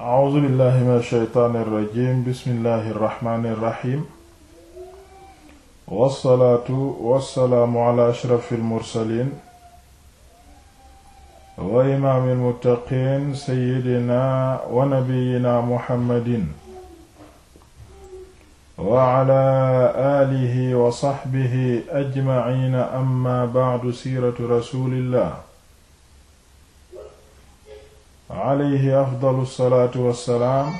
a'uuzu billahi mina shaytaani rajiim bismillahi rahmaani rahiim wassalaatu wassalaamu ala ashrafil mursaliin wa imaamil muttaqiin sayyidina wa nabiyyina muhammadin wa ala aalihi wa saxbihi ajmaciina amma ba'du siiratu rasuulillah alayhi afdalu salaatu wassalaam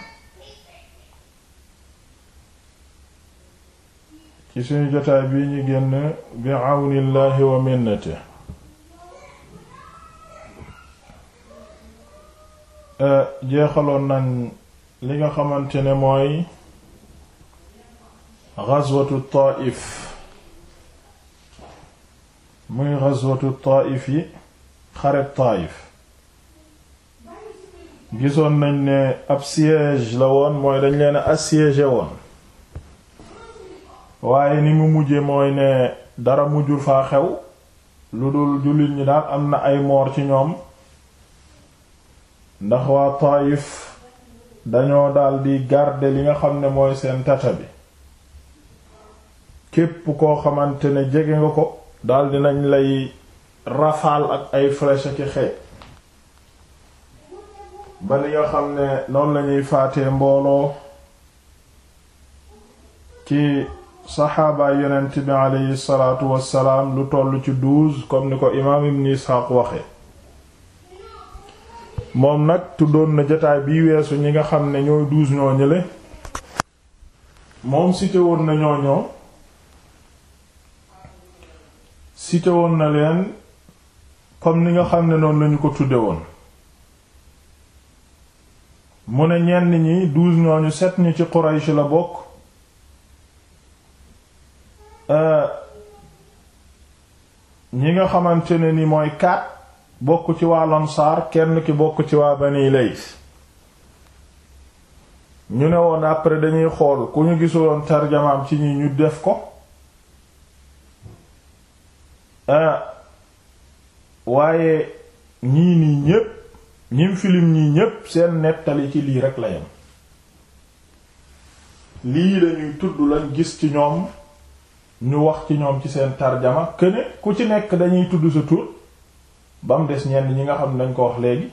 ci suñu jotaay bii ñu génn bi àwnillaahi wa minnati jeexaloon nañ li nga xamante ne mooy ghazwatu Taif muy ghazwatu Taif yi xare Taif gisoon nañ ne ab siège la woon mooy dañ leen assiégé woon waaye ni mu mujje mooy ne dara mujjul faa xew lu dul jullit ñi daal am na ay moor ci ñoom ndax waa Taayif dañoo daldi gàrde li nga xam ne mooy seen tata bi képp koo xamante ne jege nga ko daldi nañ lay rafaal ak ay flèche ki xeej ba li nga xam ne noonu lañuy faatee mbooloo ci saxaabaay yonent bi aleyhi salaatu wassalaam lu toll ci douze comme ni ko imaam ibn Isxaaq waxe moom nag tuddoon na jataay bi weesu ñi nga xam ne ñooy douze ñoo ñële moom cité woon na ñooñoo cité woon na leen comme ni nga xam ne noonu lañu ko tudde woon mu ne ñenn ñi douze ñooñu sept ñi ci Quraysh la bokk euh, ñi nga xamante ne ni mooy quatre bokk ci waa Lansaar kenn ki bokk ci waa Bani Lays ñu ne woon après dañuy xool ku ñu woon tarjamaam ci ñi ñu def ko euh, waaye ñii nii ñépp ñim filim ñi ñépp seen nettali ci lii rek la lii lañuy tudd lañ gis ci ñoom ñu wax ci ñoom ci seen tarjama këne ku ci nekk dañuy tudd sa tur ba mu des ñenn ñi nga xam ne dañ ko wax léegi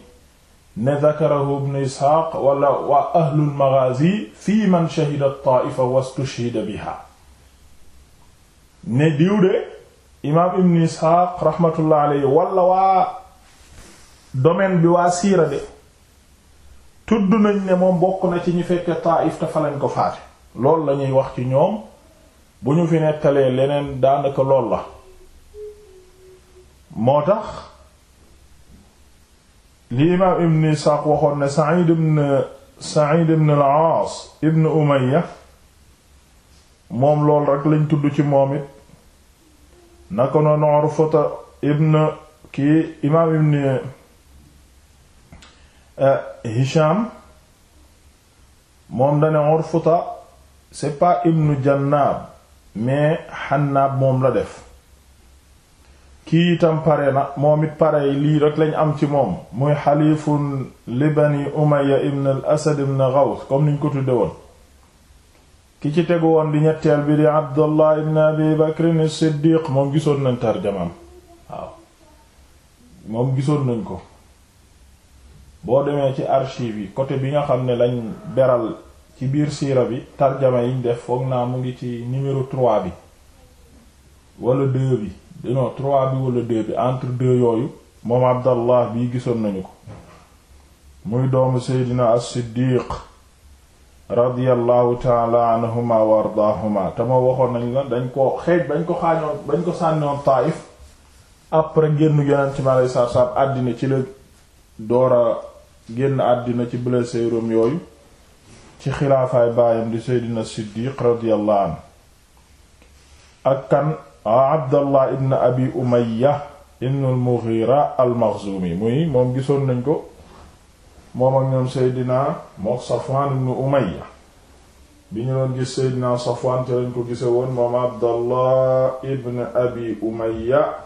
ne zakarahu ibn isxaaq wala waa ahlul maghazi fii man shahida at-ta'ifa wastushhida biha ne diw imaam ibn isxaaq rahmatullah alayhi waa domaine bi waa siira de tudd nañ ne moom bokk na ci ñu fekke Taif te fa lañ ko faate loolu lañuy wax ci ñoom bu ñu fi nettalee leneen daanaka lool la moo tax li imaam ibn Isaaq waxoon ne Sa'id ibn Sa'id ibn al-Aas ibn Umayya moom lool rek lañ tudd ci moom it naka noonu Urfata ibn kii imaam ibn Euh, Hisham moom dane Urfuta c'est pas ibnu Jannaab mais Hannaab moom la def kii itam pare na moom it pare lii rek lañu am ci moom muy xalifun li bani Umayya ibn al Asad ibn Ghaws comme niñ ko tudde woon ki ci tegu woon di ñetteel bi di Abdullah ibn Abi Bakr as-Siddiq moom gisoon nañ tarjamaam moom gisoon nañ ko boo demee ci archive yi côté bi nga xam ne lañ beral ci biir siira bi tarjama yiñ def foog naa mu ngi ci numéro 3 bi walla 2 bi non 3 bi wala 2 bi entre 2 yooyu moom abdallah bii gisoon nañu ko muy doomu seydina as-siddiq radiyallahu taala anhuma wa ardaahuma te ma waxoon nañ la dañ ko xeej bañ ko xaañoon bañ ko sànniwoon Taayif après génn yonent mi alayhi salaatu àddina ci la doora génn àddina ci blesséeram yooyu ci xilaafaay baayam di seydina siddiq radiyallahu anhu ak kan abdallah ibn abi umayya ibn mughira al-makhzumi muy moom gisoon nañ ko moom ak ñoom seydina mook safwan ibn umayya bi ñu doon gis seydina safwan te lañ ko gise woon moom abdallah ibn abi umayya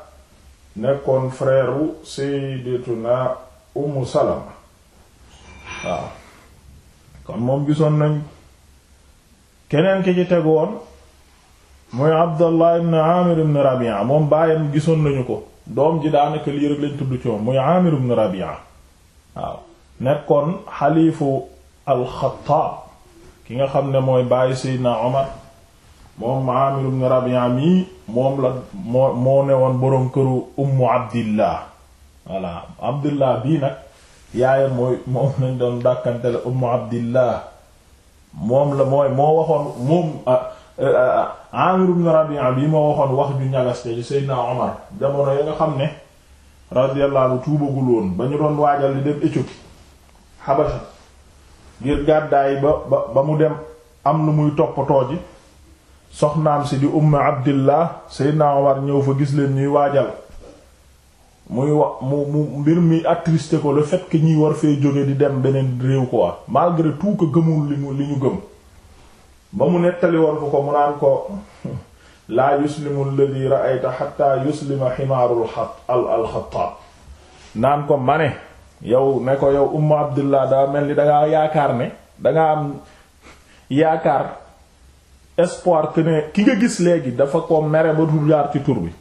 nekkoon frère u seydatuna umu salama waaw kon moom gisoon nañ keneen ki ci tegoon mooy Abdallah ibn Amir Rabi'a moom baayam gisoon nañu ko doom ji daanaka lii rek lañ tudd ci moom muy Amir ibn Rabi'a waaw nekkoon xaliifu al ki nga xam ne mooy baayu Seydina Omar moom Amir ibn Rabi'a mii moom la moo moo ne woon boroom këru Ummu Abdillah voilà Abdillah bii nag yaayam mooy moom lañ doon dàkkante la ummu abdillah moom la mooy moo waxoon moom ah, ah, ah, Amir ibn Rabi'a bi moo waxoon wax ju ñagas te ci Seydina Omar jamono ya nga xam ne radiyallahu anhu tuubagul woon ba ñu doon waajal li dem Éthiopie Habasha ngir gàddaay ba ba ba mu dem am lu muy toppatoo ji soxnaam si di umm abdillah Seydina Omar ñëw fa gis leen ñuy waajal muy wax mu mu mbir mi attristé ko le fait que ñiy war fee jóge di dem beneen réew quoi malgré tout que gëmul li mu li ñu gëm ba mu nettali woon ko ko mu naan ko laa yuslimu alladhi ra'ayta hatta yuslima ximaarul alxataab naan ko ma ne yow ne ko yow umma abdullah daa mel ni dangaa yaakaar ne dangaa am yaakaar espoir que ne ki nga gis léegi dafa ko mere ba du ci tur bi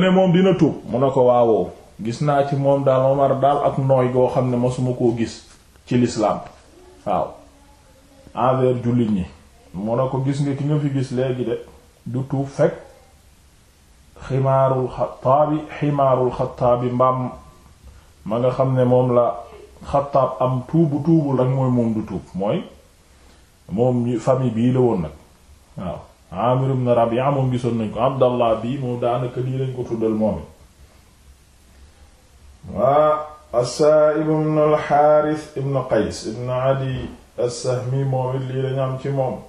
ne moom dina tuub mu ne ko waawoo gis naa ci moom daal Omar daal ak nooy goo xam ne masuma koo gis ci lislaam waaw envers jullit ñi mu ne ko gis nga ki nga fi gis léegi de du tuub fekk ximaarul xataabi ximaarul xataabi mbaam ma nga xam ne moom la xataab am tuubu tuubul rek mooy moom du tuub mooy moom famille bii la woon nag waaw Amir ibn Rabi'a moom gisoon nañ ko Abdallah bi moom daanaka lii lañ ko tuddal moom waa As-Sa'ib ibn al-Harith ibn Qays ibn Adi as-Sahmi moom it lii lañ am ci moom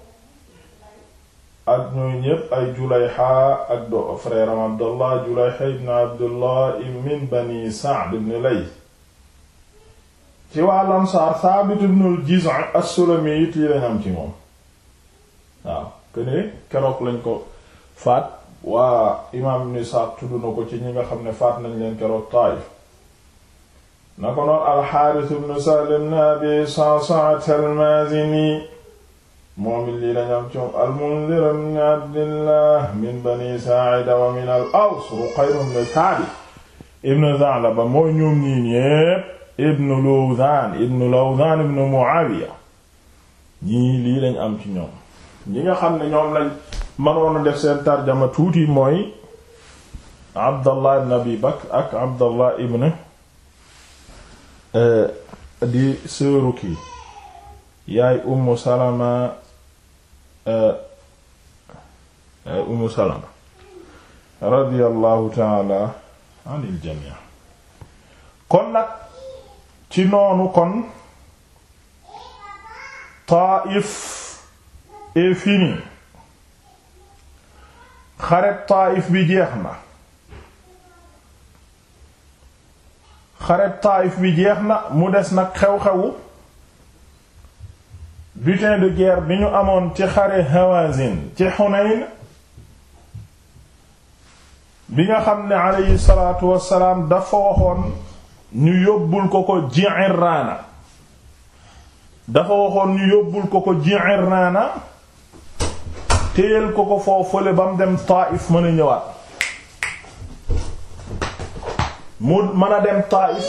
ak ñooy ñépp ay Julayha ak do frère am Abdallah Julayha ibn Abdullah min Bani Sa'd ibn Layth ci waa Ansaar Thabit ibn al-Jiz'a as-Sulami it lii lañ am ci moom kënee keroog lañ ko fat waa imaam Ibn Isaaq tudd na ci ñi nga xam ne faat nañ leen keroog Taayif na ko noon alxaaris ibn Sahl ibn Abi Sa'sa'a al-Maazini moom lii lañu am ci al-Mundhir ibn Abdillah min Bani Saa'ida wa min al-Aws Ruqayl ibn Sa'd ibn Tha'laba mooy ñoom ñii ñépp ibn Lawdhan ibn Lawdhan ibn Mu'awiya ñii lii lañu am ci ñoom ñi nga xam ne ñoom lañ mënoon a def seen tarjama tuuti mooy abdallah ibn abi bakr ak abdallah ibn eh, di sëru kii yaay ummu salama yaay eh, eh, ummu salama radiyallahu taala kon nag ci noonu kon Taif est fini xareb Taayif bi jeex na xareb Taayif bi mu des nag xew-xewu butin de guerre bi ñu amoon ci xare Hawazin ci Hunayn bi xam ne aleyhi salaatu wassalaam dafa waxoon ñu yóbbul ko ko Ji'irraana dafa waxoon ñu yóbbul ko ko Ji'irraana téyel ko ko foofale ba mu dem Taif mën a ñëwaat mu mën a dem Taif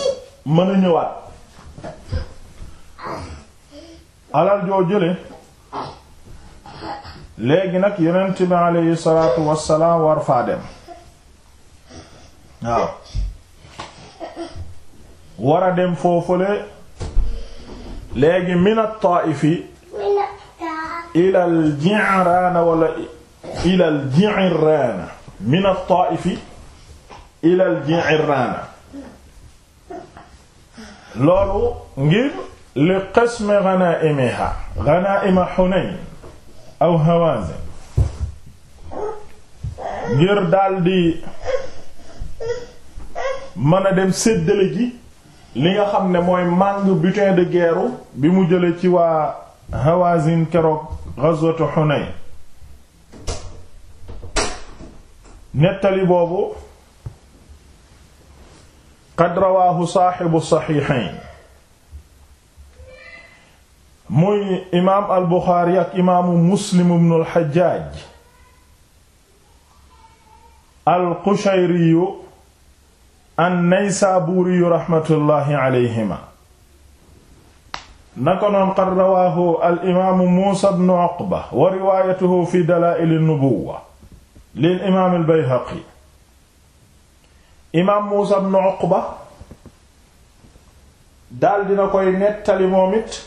mën a ñëwaat alal joo jële léegi nag yeneen bi aleyhi salaatu wassalaam war faa dem waaw war a dem foofale léegi min at-Taif ilal Ji'raana wala ilal Ji'raana min at-Taa'ifi ilal Ji'raana loolu ngir li qismi ghanaa'imihaa ghanaa'ima Hunayn aw Hawaazin ngir daldi mën a dem séddale ji li nga xam ne mooy màng butin de guerre bi mu jële ci waa Hawazin keroog ghazwatu Hunayn nettali boobu qad rawaahu saaxibu saxiixayn muy imaam al Buxaari ak imaamu Muslim ibnu al Xajjaaj al Qushayriyu an Naysaabuuriyu raxmatullaahi aleyhima naka noon qad rawaahu al imaamu Muusaa ibn Uqba wa riwaayatuhu fi dalaa'il an-nubuwwa lil imaam al Bayhaqi imaam Muusaa ibn Uqba daal dina koy nettali moom it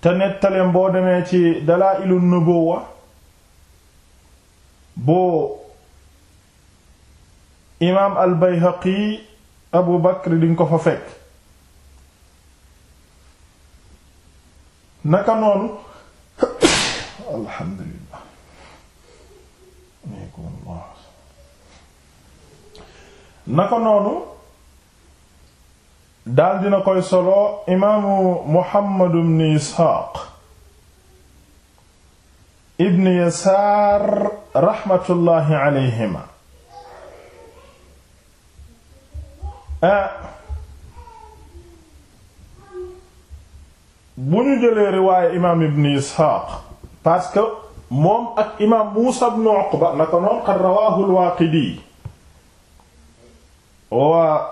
te nettaleem boo demee ci dalaa'il an-nubuwwa boo imaam al Bayhaqi Abu Bakr dinga ko fa fekk naka noonu alhamdulillah naka noonu daal dina koy solo imaamu Muhammad ibn Isxaaq ibn Yasaar raxmatullaahi alayhima eh, bu ñu jëlee riwaaye imaam ibn isxaaq parce que moom ak imaam muusa ibn uqba naka noon qad rawaahu al-waaqidi wa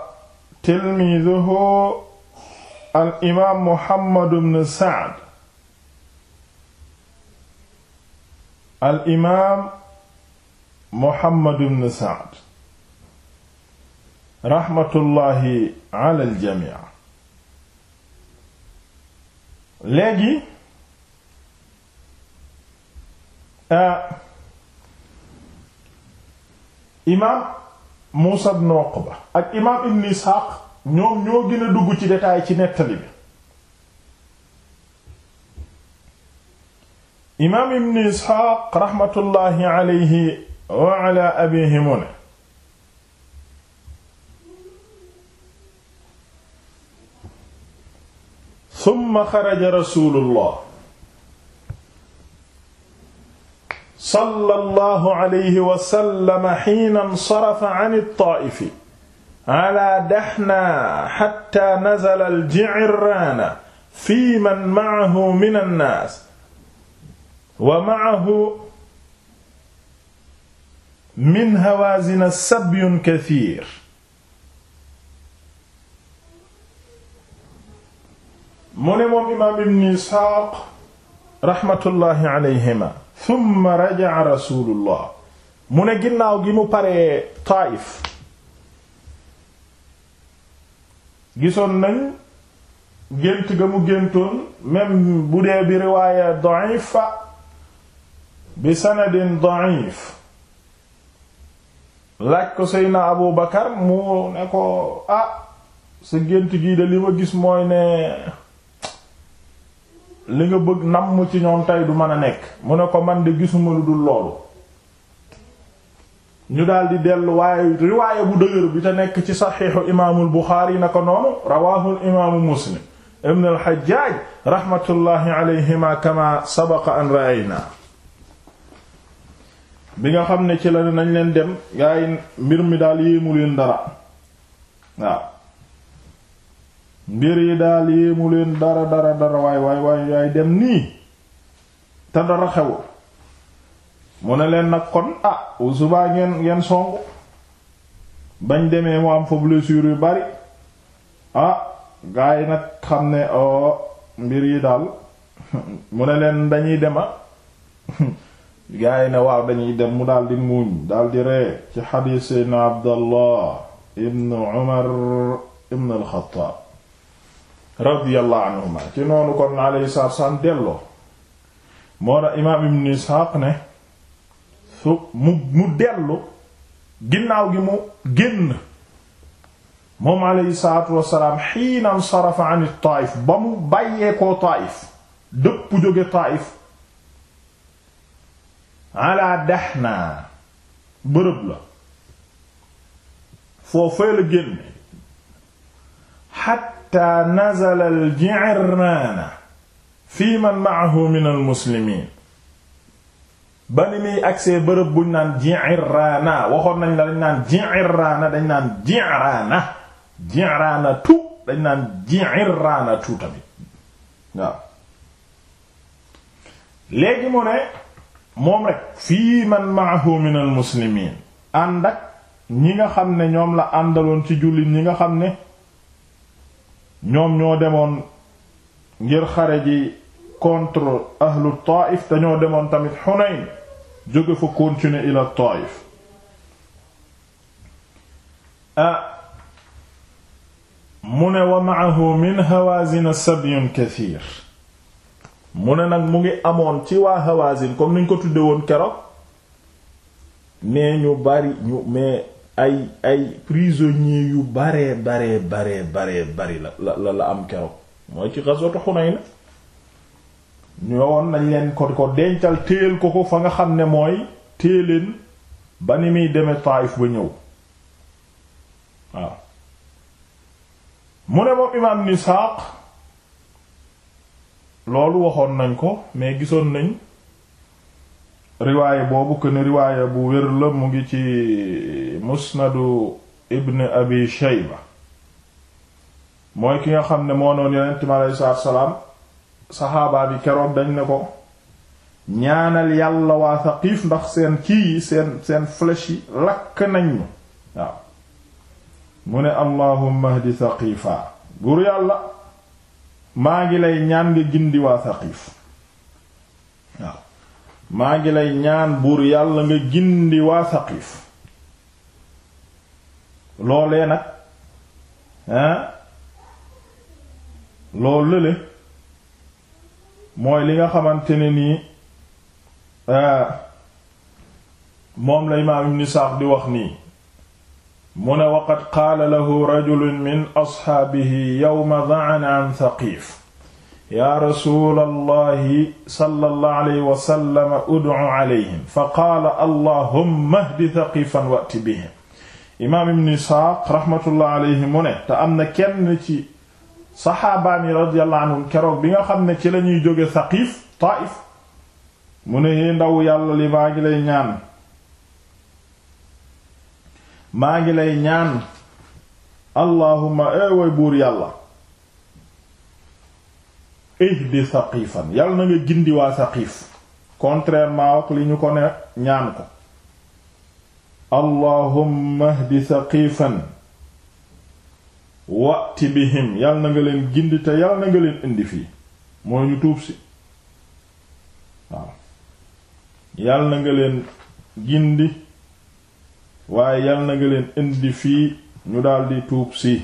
tilmiiduhu al imaam muhammad ibn sa'd al imaam muhammad ibn sa'd raxmatullaahi ala al jamii léegi euh, imaam Muusa ibn Uqba ak imaam Ibn Isxaaq ñoom ñoo gën a dugg ci détail ci nettali bi imaam Ibn Isxaaq raxmatullaahi alayhi wa ala summa xaraja rasulullah sallallahu alayhi wa sallam hiina insarafa an at-taa'if ala dahnaa hattaa nazala al-ji'raana fii man ma'ahu min an-naas wa ma'ahu min hawaazin sabyun kathiir mu ne moom imaam ibn isxaaq raxmatullaahi alayhima thumma raja'a rasulullah mu ne ginnaaw gi mu paree Taayif gisoon nañ gént ga mu géntoon même bu dee bi riwaaya da'ifa bi sanadin da'if laaj ko Seydina Abu Bakar mu ne ko ah sa gént gii de li ma gis mooy ne li nga bëgg namm ci ñoom tey du mën a nekk mu ne ko man de gisuma lu dul loolu ñu daldi dellu waaye riwaaya bu dëgër bi te nekk ci saxiixu imaamul buxaari na ko noonu rawaahul imaamu muslim ibn al-Hajjaj rahmatullahi alayhima sabaqa an ra'ayna bi nga xam ne ci la nañ leen dem gaa yi mbir mi daal yéemu leen dara waaw mbir yi daal yéemu leen dara dara dara waay waay waay waay dem nii te dara xewul mu ne leen nag kon ah subaa ngeen ngeen songu bañ demee mu am fa blessure yu bari ah gaa yi nag xam ne o oh, mbir yi daal mu ne leen dañuy dema ah. gaa yi ne waaw dañuy dem mu daal di muuñ daal di ree ci xadiis seydna abdallah ibnu umar ibnu alxataab radiyallahu anhuma ci noonu kon alayhi salaatu salaam delloo moo na imaam ibn Isxaaq ne su mu mu dellu ginnaaw gi mu génn moom alayhi salaatu xiina nsarafa an Taayif ba mu bàyyeekoo Taayif dëpp jóge Taayif ala Dahna bërëb la foo fay la génn xatta nazala al-Ji'irraana fii man ma'ahu min al-muslimiin ba ni muy agsee bërëb buñ naan Ji'irraana waxoon nañ la dañ naan Ji'irraana dañ naan Ji'raana Ji'raana tu dañ naan Ji'irraana tu tamit waaw léegi mu moom rek fii man ma'ahu min al-muslimiin ànd ñi nga xam ne ñoom la àndaloon ci jullit ñi nga xam ne ñoom ñoo demoon ngir xare ji contre ahlu Taif dañoo demoon tamit Hunayn jóge fa continuer ila Taif ah mu ne wa ma'ahu min Hawazin sabyun kathir mu ne nag mu ngi amoon ci waa Hawazin comme niñ ko tudde woon keroog mais ñu bari ñu ay ay prisonniers yu baree baree baree baree bari la la la la am keroog mooy ci ghazwat Hunayn ñoowoon nañ leen ko ko dencal téyel ko ko fa nga xam ne mooy téeleen ba ni muy demee Taif ba ñëw waaw mu ne moom imaam Nisaaq loolu waxoon nañ ko mais gisoon nañ riwaaya boobu ko ne riwaaya bu wér la mu ngi ci musnadu ibn abi shayba mooy ki nga xam ne moo noon yonent mi aleyhi salaam saxaabaa bi keroog dañ ne ko ñaanal yàlla waa Saqiif ndax seen kii yi seen seen flèche yi lakk nañ ñu waaw mu ne allahumma hdi Saqiifa buur yàlla maa ngi lay ñaan nga gindi waa Saqiif maa ngi lay ñaan buur yàlla nga gindi waa Saqif loolee nag hein loolu lële mooy li nga xamante ne nii euh, moom la imaam ibn Sa'd di wax nii mu ne waqad qaala lahu rajulun min asxaabihi yawma da'ana an Saqif yaa rasulallahi sallallahu alayhi wa sallam ud'u alayhim fa qaala allahumma ihdi thaqifan wa'ti bihim imaam ibn isxaaq rahmatullah alayhi mu ne am na kenn ci saxaabaan yi radiyallahu keroog bi nga xam ne ci lañuy joge jóge thaqif taaif mu ndaw yàlla li maa ngi lay ñaan maa ngi lay eh, buur yàlla ihdi saqifan yàlla na nga gindi waa saqif contrairement ak li ñu ko ne ñaan ko allahumma ihdi saqifan wati bihim yàlla na nga leen gindi te yàlla na nga leen indi fii moo ñu tuub si waaw yàlla na nga leen gindi waaye yàlla na nga leen indi fii ñu daldi tuub si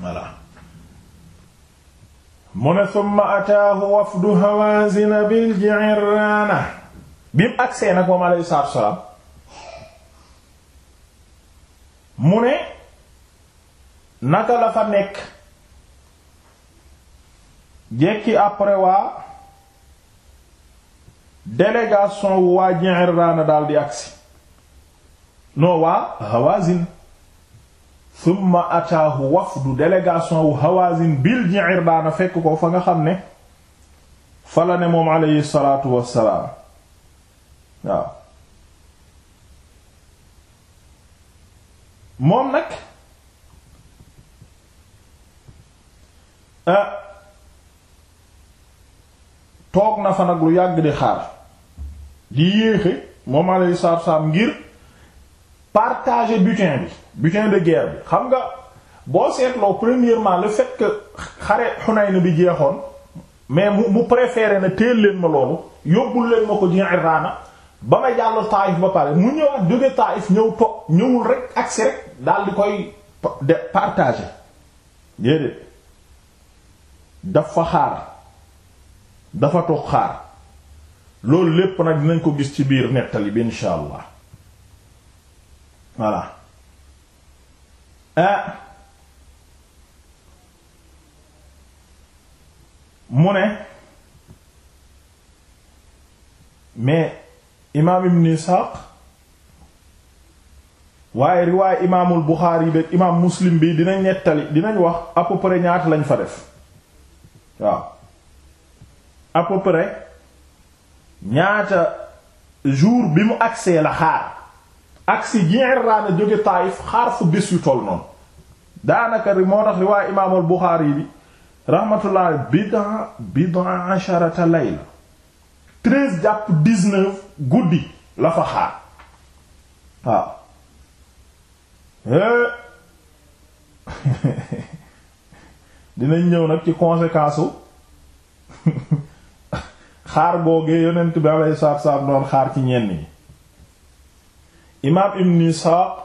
voilà mu ne summa ataahu wafdu hawazina bil ji'rana bi agsee nag moom alayhi mu ne naka la fa nekk jekki après waa délégation waa Ji'rana daal di agsi non waa Hawazin thumma ataahu wafdu délégation wu hawazin bil Ji'irdaana fekk ko fa nga xam ne fa la ne moom aleyhi salaatu wassalaam ah, toog na fa nag lu yàgg di xaar di yéexe moom aleyhi salaatu wassalaam ngir partager butin bi butin de guerre bi xam nga boo seetloo premièrement le fait que xare Hunayn bi jeexoon mais mu mu na teel leen ma loolu yóbbul leen ma ko Ji'rana ba ma jàll Taïf ba pare mu ñëwaat jóge Taïf ñëw to ñëwul rek accès rek daal di koy de partager déedéet dafa xaar dafa toog xaar loolu lépp nag dinañ ko gis ci biir nettali bi insha voilà a euh, mu ne mais imaam ibn Isxaaq waaye riwaaye imaamul Buxaari beek imaam Muslim bi dinañ nettali dinañ wax à peu près ñaata lañ fa def waaw à ñaata jour bi mu agsee la xaar ak si Ji'irraana jóge Taayif xaar fu bés yu toll noonu daanaka moo tax riwaay imaamul Buxaari bi rahmatullah bid'a bid'a asharata layla treize jàpp dix-neuf guddi la fa xaar waaw eh. dinañ ñëw nag ci conséquence u xaar googee yonent bi alayhi salaatu wa salaam xaar ci ñenn ñi imaam ibn Isaaq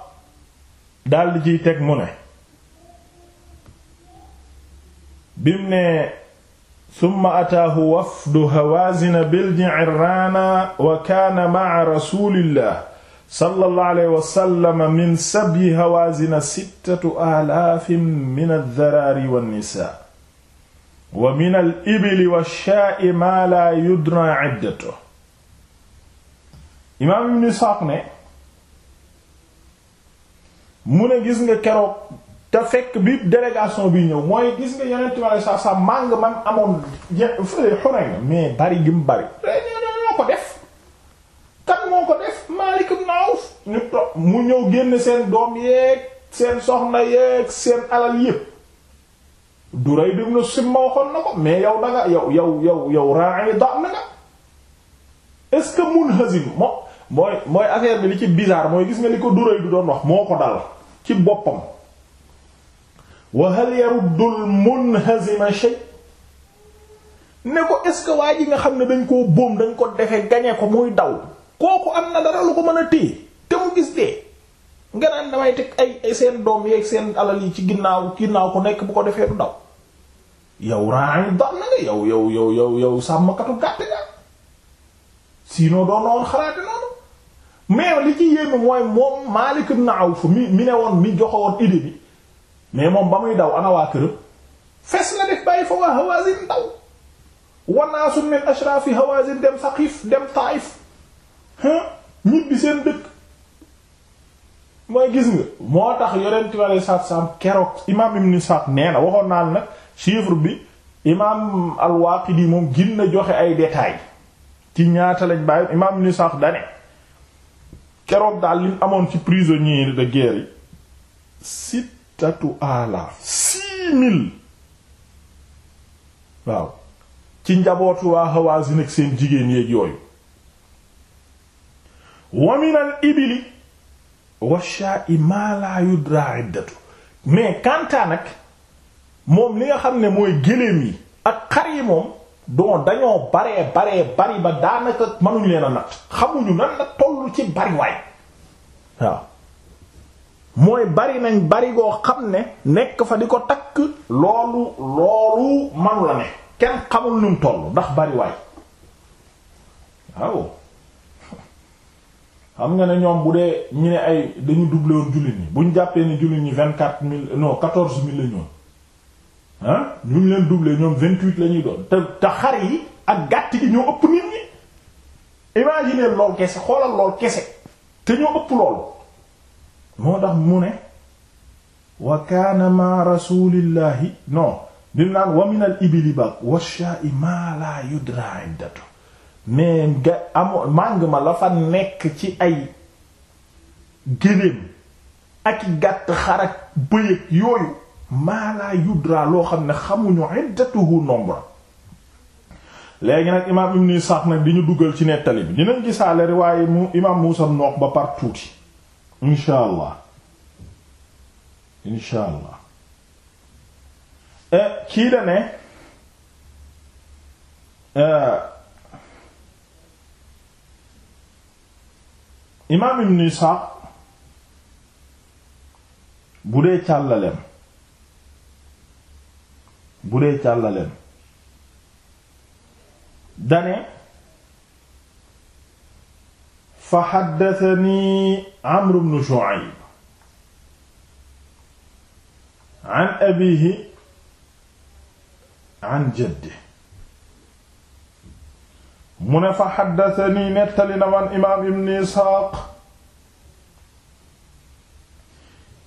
daldi ciy teg mu ne bim ne summa ataahu wafdu hawaazina bil Ji'irraana wa kaana ma'a rasuulillah sallallahu alayhi wa sallam min sabyi hawaazina sittatu aalaafin mina ddaraari wannisaa wa minal ibili washaa'i maa laa yudraa iddatuhu imaam ibn Isaaq ne mu ne gis nga keroog te fekk bi délégation bi ñëw mooy gis nga yeneen tubaab sa sa màng man amoon je fële xuree mais bari gi mu bari. ñoo eh, ko def kat moo ko def Maalik ibn Awf ñu toog mu ñëw génn seen doom yeeg seen soxna yeeg seen alal yépp Durayd ibn Simma waxoon na ko mais yow da nga yow yow yow yow raa ngi na nga est-ce que mun hazim moom. mooy mooy affaire bi li ci bizarre mooy gis nga li ko duray du doon wax moo ko dal ci boppam wa hal yaruddul munhazima shay ne ko est ce que waa ji nga xam ne dañ koo boom dañ ko defe gañe ko muy daw kooku am na dara lu ko mën a téye te mu gis dee nga naan damay teg ay seen doom yeeg seen alal yi ci ginnaaw ginnaaw ko nekk bu ko defee du daw yow raani dox na nga yow yow yow yow yow sàmmkatu gàtt nga sinon doon na woon xalaate noonu mais li ci yéeme mooy moom Maalik ibn Awf mi mi ne woon mi joxe woon bi mais moom ba muy daw ana waa këram fes la def bàyyi fa waa Hawazin daw wanaasu min ashraafi Hawazin dem Saqif dem Taif ñibbi seen dëkk mooy gis nga moo tax yonent bi alei satu salaam keroog imam ibn Sa'd nee waxoon naa nag chiffre bi imam al-Waqidi moom gin na joxe ay détails ci ñaata lañ bàyyi imam ibn Sa'd dane keroog daal liñ amoon ci prisonniers de guerre yi sittatu alaaf six mille waaw ci njabootu waa Hawazin ak seen jigéen yéeg yooyu wa min ibili wa sha'i ma la yudra mais kanta nag moom li nga xam ne mooy géléem yi ak xar yi moom donc dañoo baree baree bari ba daanaka mënuñ leen a natt xamuñu nan la tollu ci bari waay waaw mooy bari nañ bari goo xam ne nekk fa di ko takk loolu loolu manu la ne kenn xamul num tollu ndax bari waay waaw xam nga ne ñoom bu dee ñu ne ay dañu doublé woon jullit ñi buñ jàppee ni jullit ñi vingt-quatre mille non quatorze mille la ñoon ah ñu leen doublé ñoom vingt-huit la ñuy doon te te xar yi ak gàtt gi ñoo ëpp nit ñi imagine lool kese xoolal lool kese te ñoo ëpp loolu moo tax mu ne wa kaana ma rasulillahi non naan wa min al ibili bak wa sha'i ma la yudra mais nga amoo màng ma la fa nekk ci ay géléem ak gàtt xarak bëyëg yooyu maa laa yudra loo xam ne xamuñu iddatuhu nombre léegi nag imaam ibn Isaaq nag di ñu duggal ci nettali bi dinañ gisaale riwaaye mu imaam Muusa noox ba eh, eh, bu dee càllalem bu dee càllaleen dane fa xaddatani amru bnu shu'ayb an abiihi an jaddi mu ne fa xaddatani nettali na man imaam ibnu isxaaq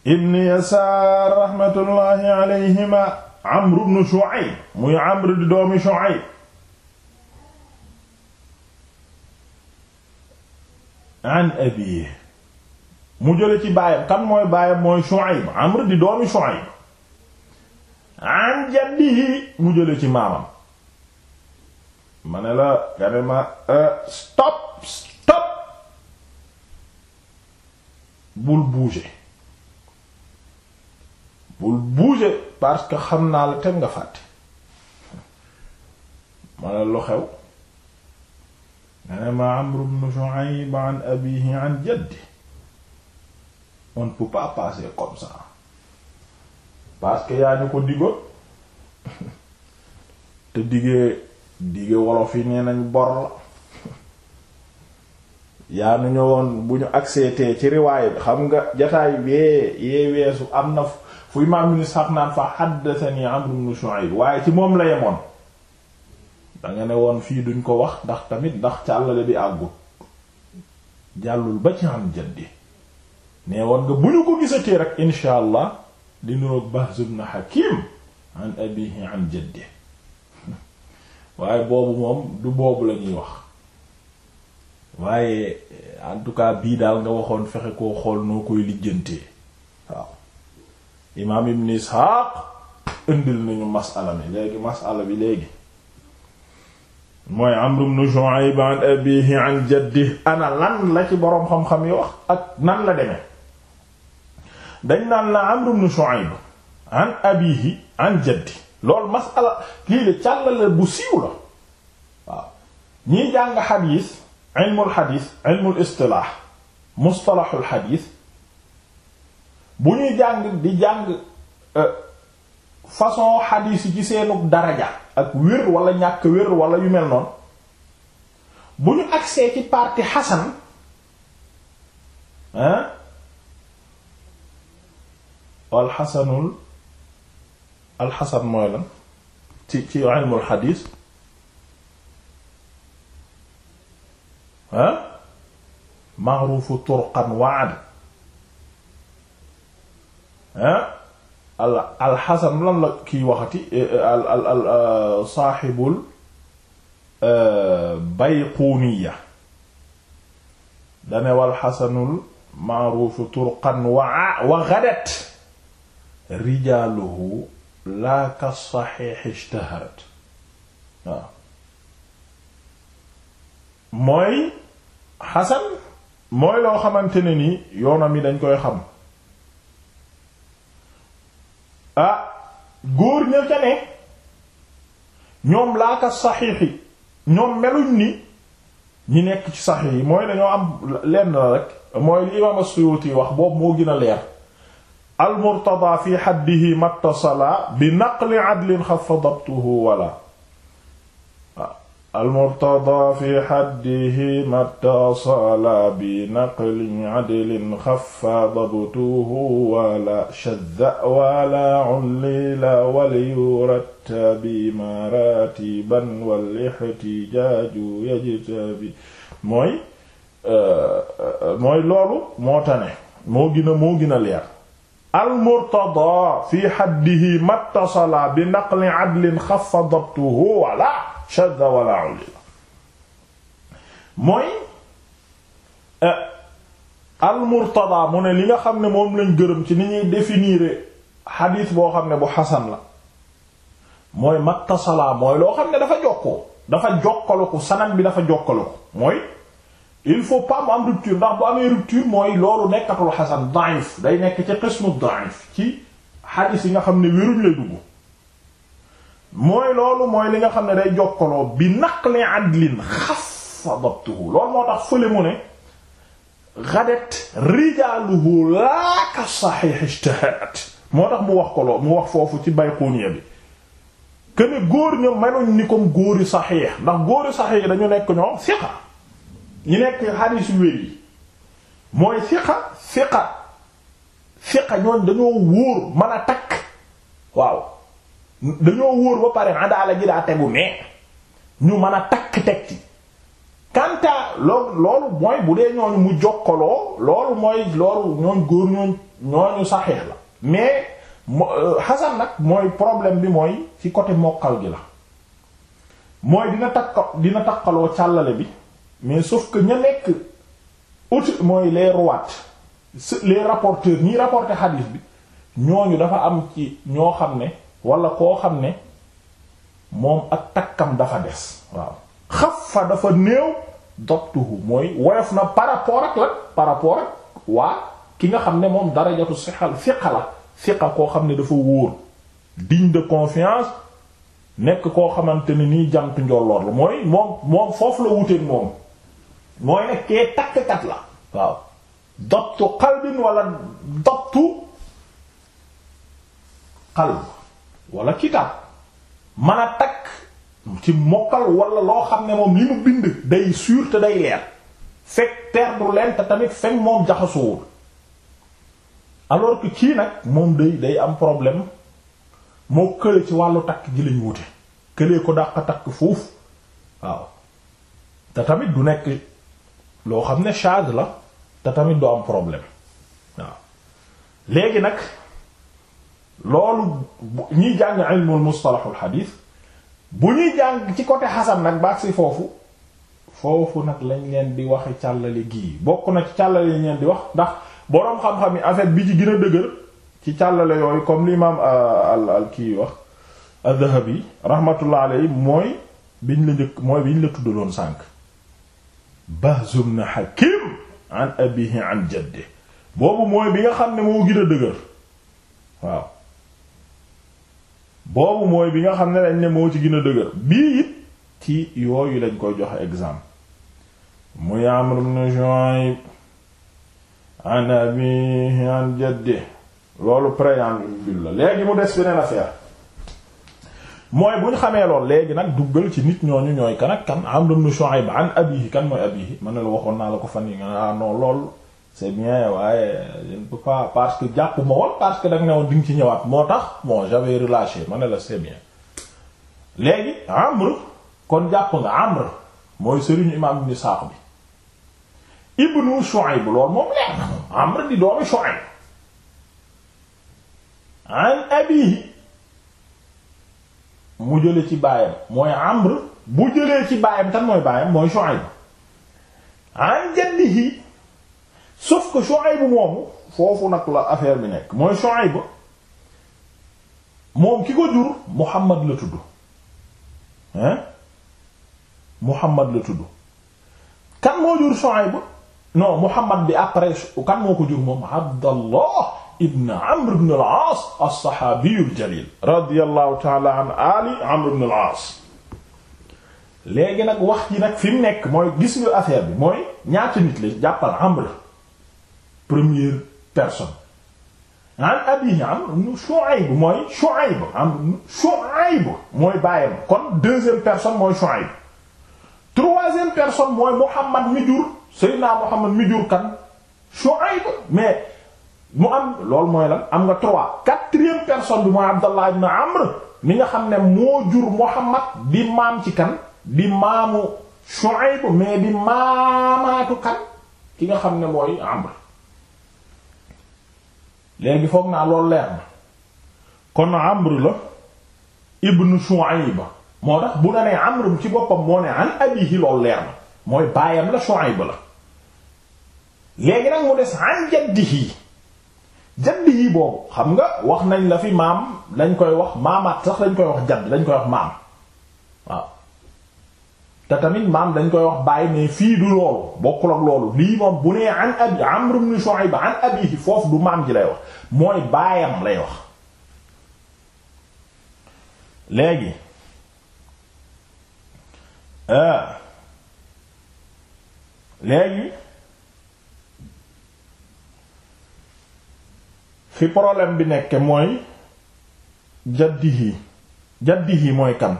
ibnu yasaar raxmatullaahi alayhima Amr ibn Shu'ayb muy Amr di doomi Shu'ayb an abiihi mu jële ci baayam kan mooy baayam mooy Shu'ayb Amr di doomi Shu'ayb an jaddihi mu jële ci maamam ma ne la nga ne ma euh, stop stop bul bouger bul bouger parce que xam naa la te nga fàtte ma ne lu xew nga ne ma Amr ibn Shu'ayb an abihi an jaddi on ne peut pas passer comme ça parce que yaa ñu ko diggoon te diggee digge wolof yi nee nañ bor la yaa ñu ñëwoon bu ñu accepté ci riwaay bi xam nga jataay bee yee weesu am na fu imaam ibn Isxaaq naan fa haddathani Amr ibn Shu'ayb waaye ci moom la yemoon da ne woon fii duñ ko wax ndax tamit ndax càllale bi àggut jàllul ba ci am jaddi nee woon nga bu ñu ko gisatee rek insha allah li nuroog Bahz ibn Hakim an abihi an jaddi waaye boobu moom du boobu la ñuy wax waaye en tout cas bii daal nga waxoon fexe koo xool noo koy lijjantee waaw imaam ibn Isxaaq indil nañu masala mi léegi masala bi léegi mooy Amr ibn Shu'ayb an abiihi an jaddihi ana lan la ci boroom xam-xam yi wax ak nan la demee dañ naan la Amr ibn Shu'ayb an abiihi an jaddihi loolu masala lii de càllale bu siiw la waaw ñiy jàng xadiis ilmul xadiis ilmul istilaax mustalahul xadiis bu ñuy jàng di jàng euh, façon xadiis yi ci seenug daraja ak wér walla ñàkk wér wala yu mel noonu bu ñu agsee ci parti xasan hein alxasanul alxasan mooy lan ci ci ilmul xadiis hein maaruufu turqan wa adl al alxasan lan la kiy e, e, al al al euh, saaxibul euh, bayquuniya dane walxasanul maaruufu turqan wa wa gadat rijaaluhu laa ka saxiix ishtaharat mooy xasan mooy loo xamante ne ni yoonam yi dañ koy xam ah góor ña ca ne ñoom laaka saxiix yi ñoom meluñ ni ñi nekk ci saxiix yi mooy dañoo am lenn la rek mooy li imaam as-Suyuti wax boobu moo gën a leer al-Murtada fi xaddihi mattasala bi naqli adlin xafa dabtuhu wala almurtada fi xaddihi matasala bi naqlin adlin xafa dabtuhu wala shadda wala ullila walyurattabi maratiban walixtijaaju yajtabi mooy euh, mooy loolu moo tane moo gën a moo gën a leer almurtada fi xaddihi matasala bi naqlin adlin xafa dabtuhu wala shadda wala ulila mooy eh, almurtada mu ne li nga xam ne moom lañ gërëm ci ni ñuy définir xadiis boo xam ne bu xasan la mooy mattasalaa mooy loo xam ne dafa jokkoo dafa jokkalo ko sanam bi dafa jokkalo ko mooy il faut pas mu am rupture ndax bu amee rupture mooy loolu nekkatul xasan day nekk ci qismu daif ci xadiis yi nga xam ne wéruñ lay dugg mooy loolu mooy li nga xam ne day jokkaloo bi naqli adlin xassa dabtuhu loolu moo tax fële mu ne gadet rijaaluhu laaka saxiix ijtihaat moo tax mu wax ko mu wax foofu ci Bayquniya bi ne góor ñoom mënuñ ni comme góori saxiix ndax góori saxiix dañu nekk ñoo siqa ñu nekk xadiis yu wér yi mooy siqa siqa siqa ñooñ dañoo wóor mën a takk waaw dañoo wóor ba pare adaala ji daa tegu mais ñu mën a takk teg ci kanta loolu mooy bu dee ñooñu mu jokkaloo loolu mooy loolu ñooñ góor ñooñ ñooñu saxiix la mais xasan euh, nag mooy problème bi mooy ci côté mokkal gi la mooy dina takka dina takkaloo càllale bi mais sauf que ña nekk outil mooy les ruwaat les rapporteurs ñiy rapporter hadith bi ñooñu dafa am ci ñoo xam ne wala koo xam ne moom ak takkam dafa des waaw xaf fa dafa néew doptuhu mooy woyof na par ak la par rapport ak waa ki nga xam ne moom darajatu sixal fiqa la fiqa koo xam ne dafa wóor digne de confiance nekk koo xamante ne nii jant njolloor la mooy moom moom foofu la wuteeg moom mooy nekk kee takkkat la waaw doptu qalbin wala doptu qalb wala kitaab man a takk ci mokkal walla loo xam ne moom li mu bind day sûr te day leer fekk perdre leen te tamit fekk moom jaxasuwul alors que kii nag moom day day am problème moo kële ci wàllu takk ji lañ wute këlee ko dàq takk foofu waaw te tamit du nekk loo xam ne charge la te tamit du am problème waaw léegi nag loolu ñuy jàng ilmul mustalahul xadiis bu ñuy jàng ci côté xasan nag baax si foofu foofu nag lañ leen di waxi càllale gii bokk na ci càllale lañ di wax ndax boroom xam-xam yi affaire bi ci gën a dëgër ci càllale yooyu comme l'imam euh, al al kii wax az mooy biñ la njëkk mooy biñ la tuddaloon sànq Bahz ibn Hakim an abihi an jaddi boobu mooy bi nga xam ne moo gën a dëgër waaw boobu mooy bi nga xam ne dañ ne moo ci gën a dëgër bii it ci yooyu lañ koy joxe exemple muy Amr ibn Shuayb an abihi an jaddi loolu préambule la léegi mu des beneen affaire mooy bu ñu xamee lool léegi nag duggal ci nit ñooñu ñooy kan ak kan Amr ibn Shuayb an abihi kan mooy abihi man la waxoon naa la ko fan yi nga ah non lool c'est bien waaye je ne parce que jàpp ma woon parce que da ne woon di ci ñëwaat moo tax moo j'avais relâché ma ne la c'est léegi amr kon jàpp nga amr mooy sëriñu imam ibn Isaaq bi ibnu Shu'ayb loolu moom leer na amr di doomi Shu'ayb an abihi mu jële ci baayam mooy amr bu jëlee ci baayam tan mooy baayam mooy Shu'ayb an jaddihi sauf que Shuayb moomu foofu nag la affaire bi nekk mooy Shuayb moom ki ko jur Muhammad la tudd hein Muhammad la tudd kan moo jur Shuayb non Muhammad bi après kan moo ko jur moom Abdallah ibn Amr ibn al-Aas as-sahabi al-jalil radiyallahu ta'ala an ali Amr ibn al-Aas léegi nag wax ji nag fi mu nekk mooy gis nga affaire bi mooy ñaata nit la jàppal Amr première person an abihi Amr ibn Shu'ayb mooy Shu'ayb Amr ibn Shu'ayb mooy baayam kon deuxième personne mooy Shu'ayb troisième personne mooy Muhammad mi jur Seydina Muhammad mi jur kan Shu'ayb mais mu am loolu mooy lan am nga trois quatrième personne bi mooy Abdallah ibn Amr mi nga xam ne moo jur Muhammad di maam ci kan bi maamu Shu'ayb mais di maamaatu kan ki nga xam ne mooy Amr léegi foog naa loolu leer na kon amr la ibnu Shuayba moo tax bu na nee amr ci boppam moo ne an abihi loolu leer na mooy baayam la Shuayba la léegi nag mu des an jaddihi jaddihi boobu xam nga wax nañ la fi maam dañ koy wax maamaat sax lañ koy wax jadd lañ koy wax maam waaw tamit maam dañ koy wax bàyyi mais fii du loolu bokkul ak loolu lii moom bu nee an abi Amr ibn Shu'ayb an abihi foofu du maam ji lay wax mooy baayam lay wax léegi euh, léegi fi problème bi nekk mooy jaddihi jaddihi mooy kan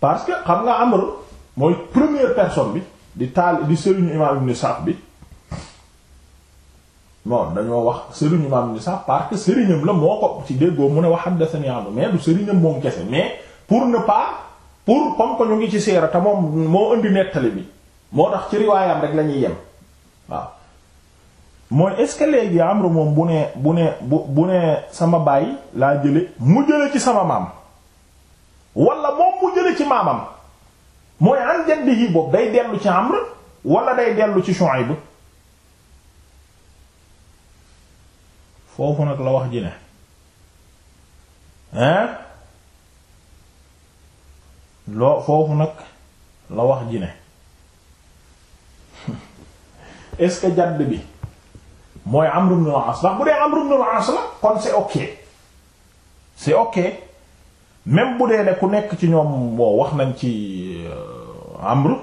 parce que xam nga Amr mooy première personne bi di taal di sëriñu imaam ibn Sa'd bi non dañoo wax sëriñu imaam ibn Sa'd parce que sëriñam la moo ko ci déggoo mu ne wax haddathani Amr mais du sëriñam moom kese mais pour ne pas pour comme ko ñu ngi ci seera te moom moo indi nettali bi moo tax ci riwaayam rek lañuy yem waaw mooy est-ce que léegi moom bu ne bu ne bu ne sama baay laa jële mu jële ci sama maam wala moom mu jële ci maamam mooy an jaddihi boobu day dellu ci Amr walla day dellu ci Shuayb foofu nag la wax loo foofu nag la wax ji ne jadd bi mooy am ibn al-As ndax bu dee Amr ibn al-As kon c'est ok c'est ok même bu dee ne ku nekk ci ñoom wax nañ ci amru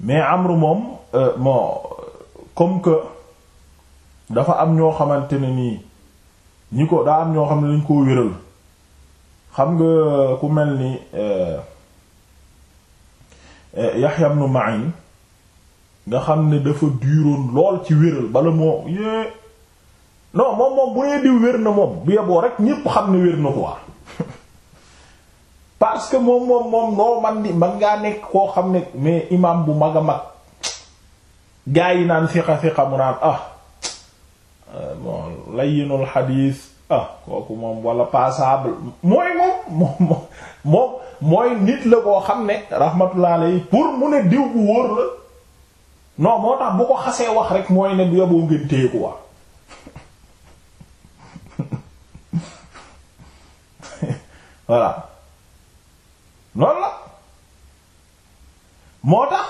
mais amru moom euh, moo comme que dafa am ñoo xamante ne nii ñi ko daa am ñoo xam ne dañ koo wéral xam nga ku mel ni euh, euh, Yahya nu Ma'in nga xam ne dafa duroon lool ci wéral bala moo yée non moom moom bu nee diw wér na moom bu yeboo rek ñépp xam ne wér na quoi parce que moom moom moom noo man di man ngaa nekk koo xam ne mais imam bu mag a mag gaa yi naan fiqa fiqa mu naan ah bon layyinul xadiis ah kooku moom wala passable mooy moom moom moom mooy nit la koo xam ne rahmatullah alayhi pour mu ne diw bu wóor la non moo tax bu ko xasee wax rek mooy ne bu yoboo ngeen téye ko wax voilà loolu la moo tax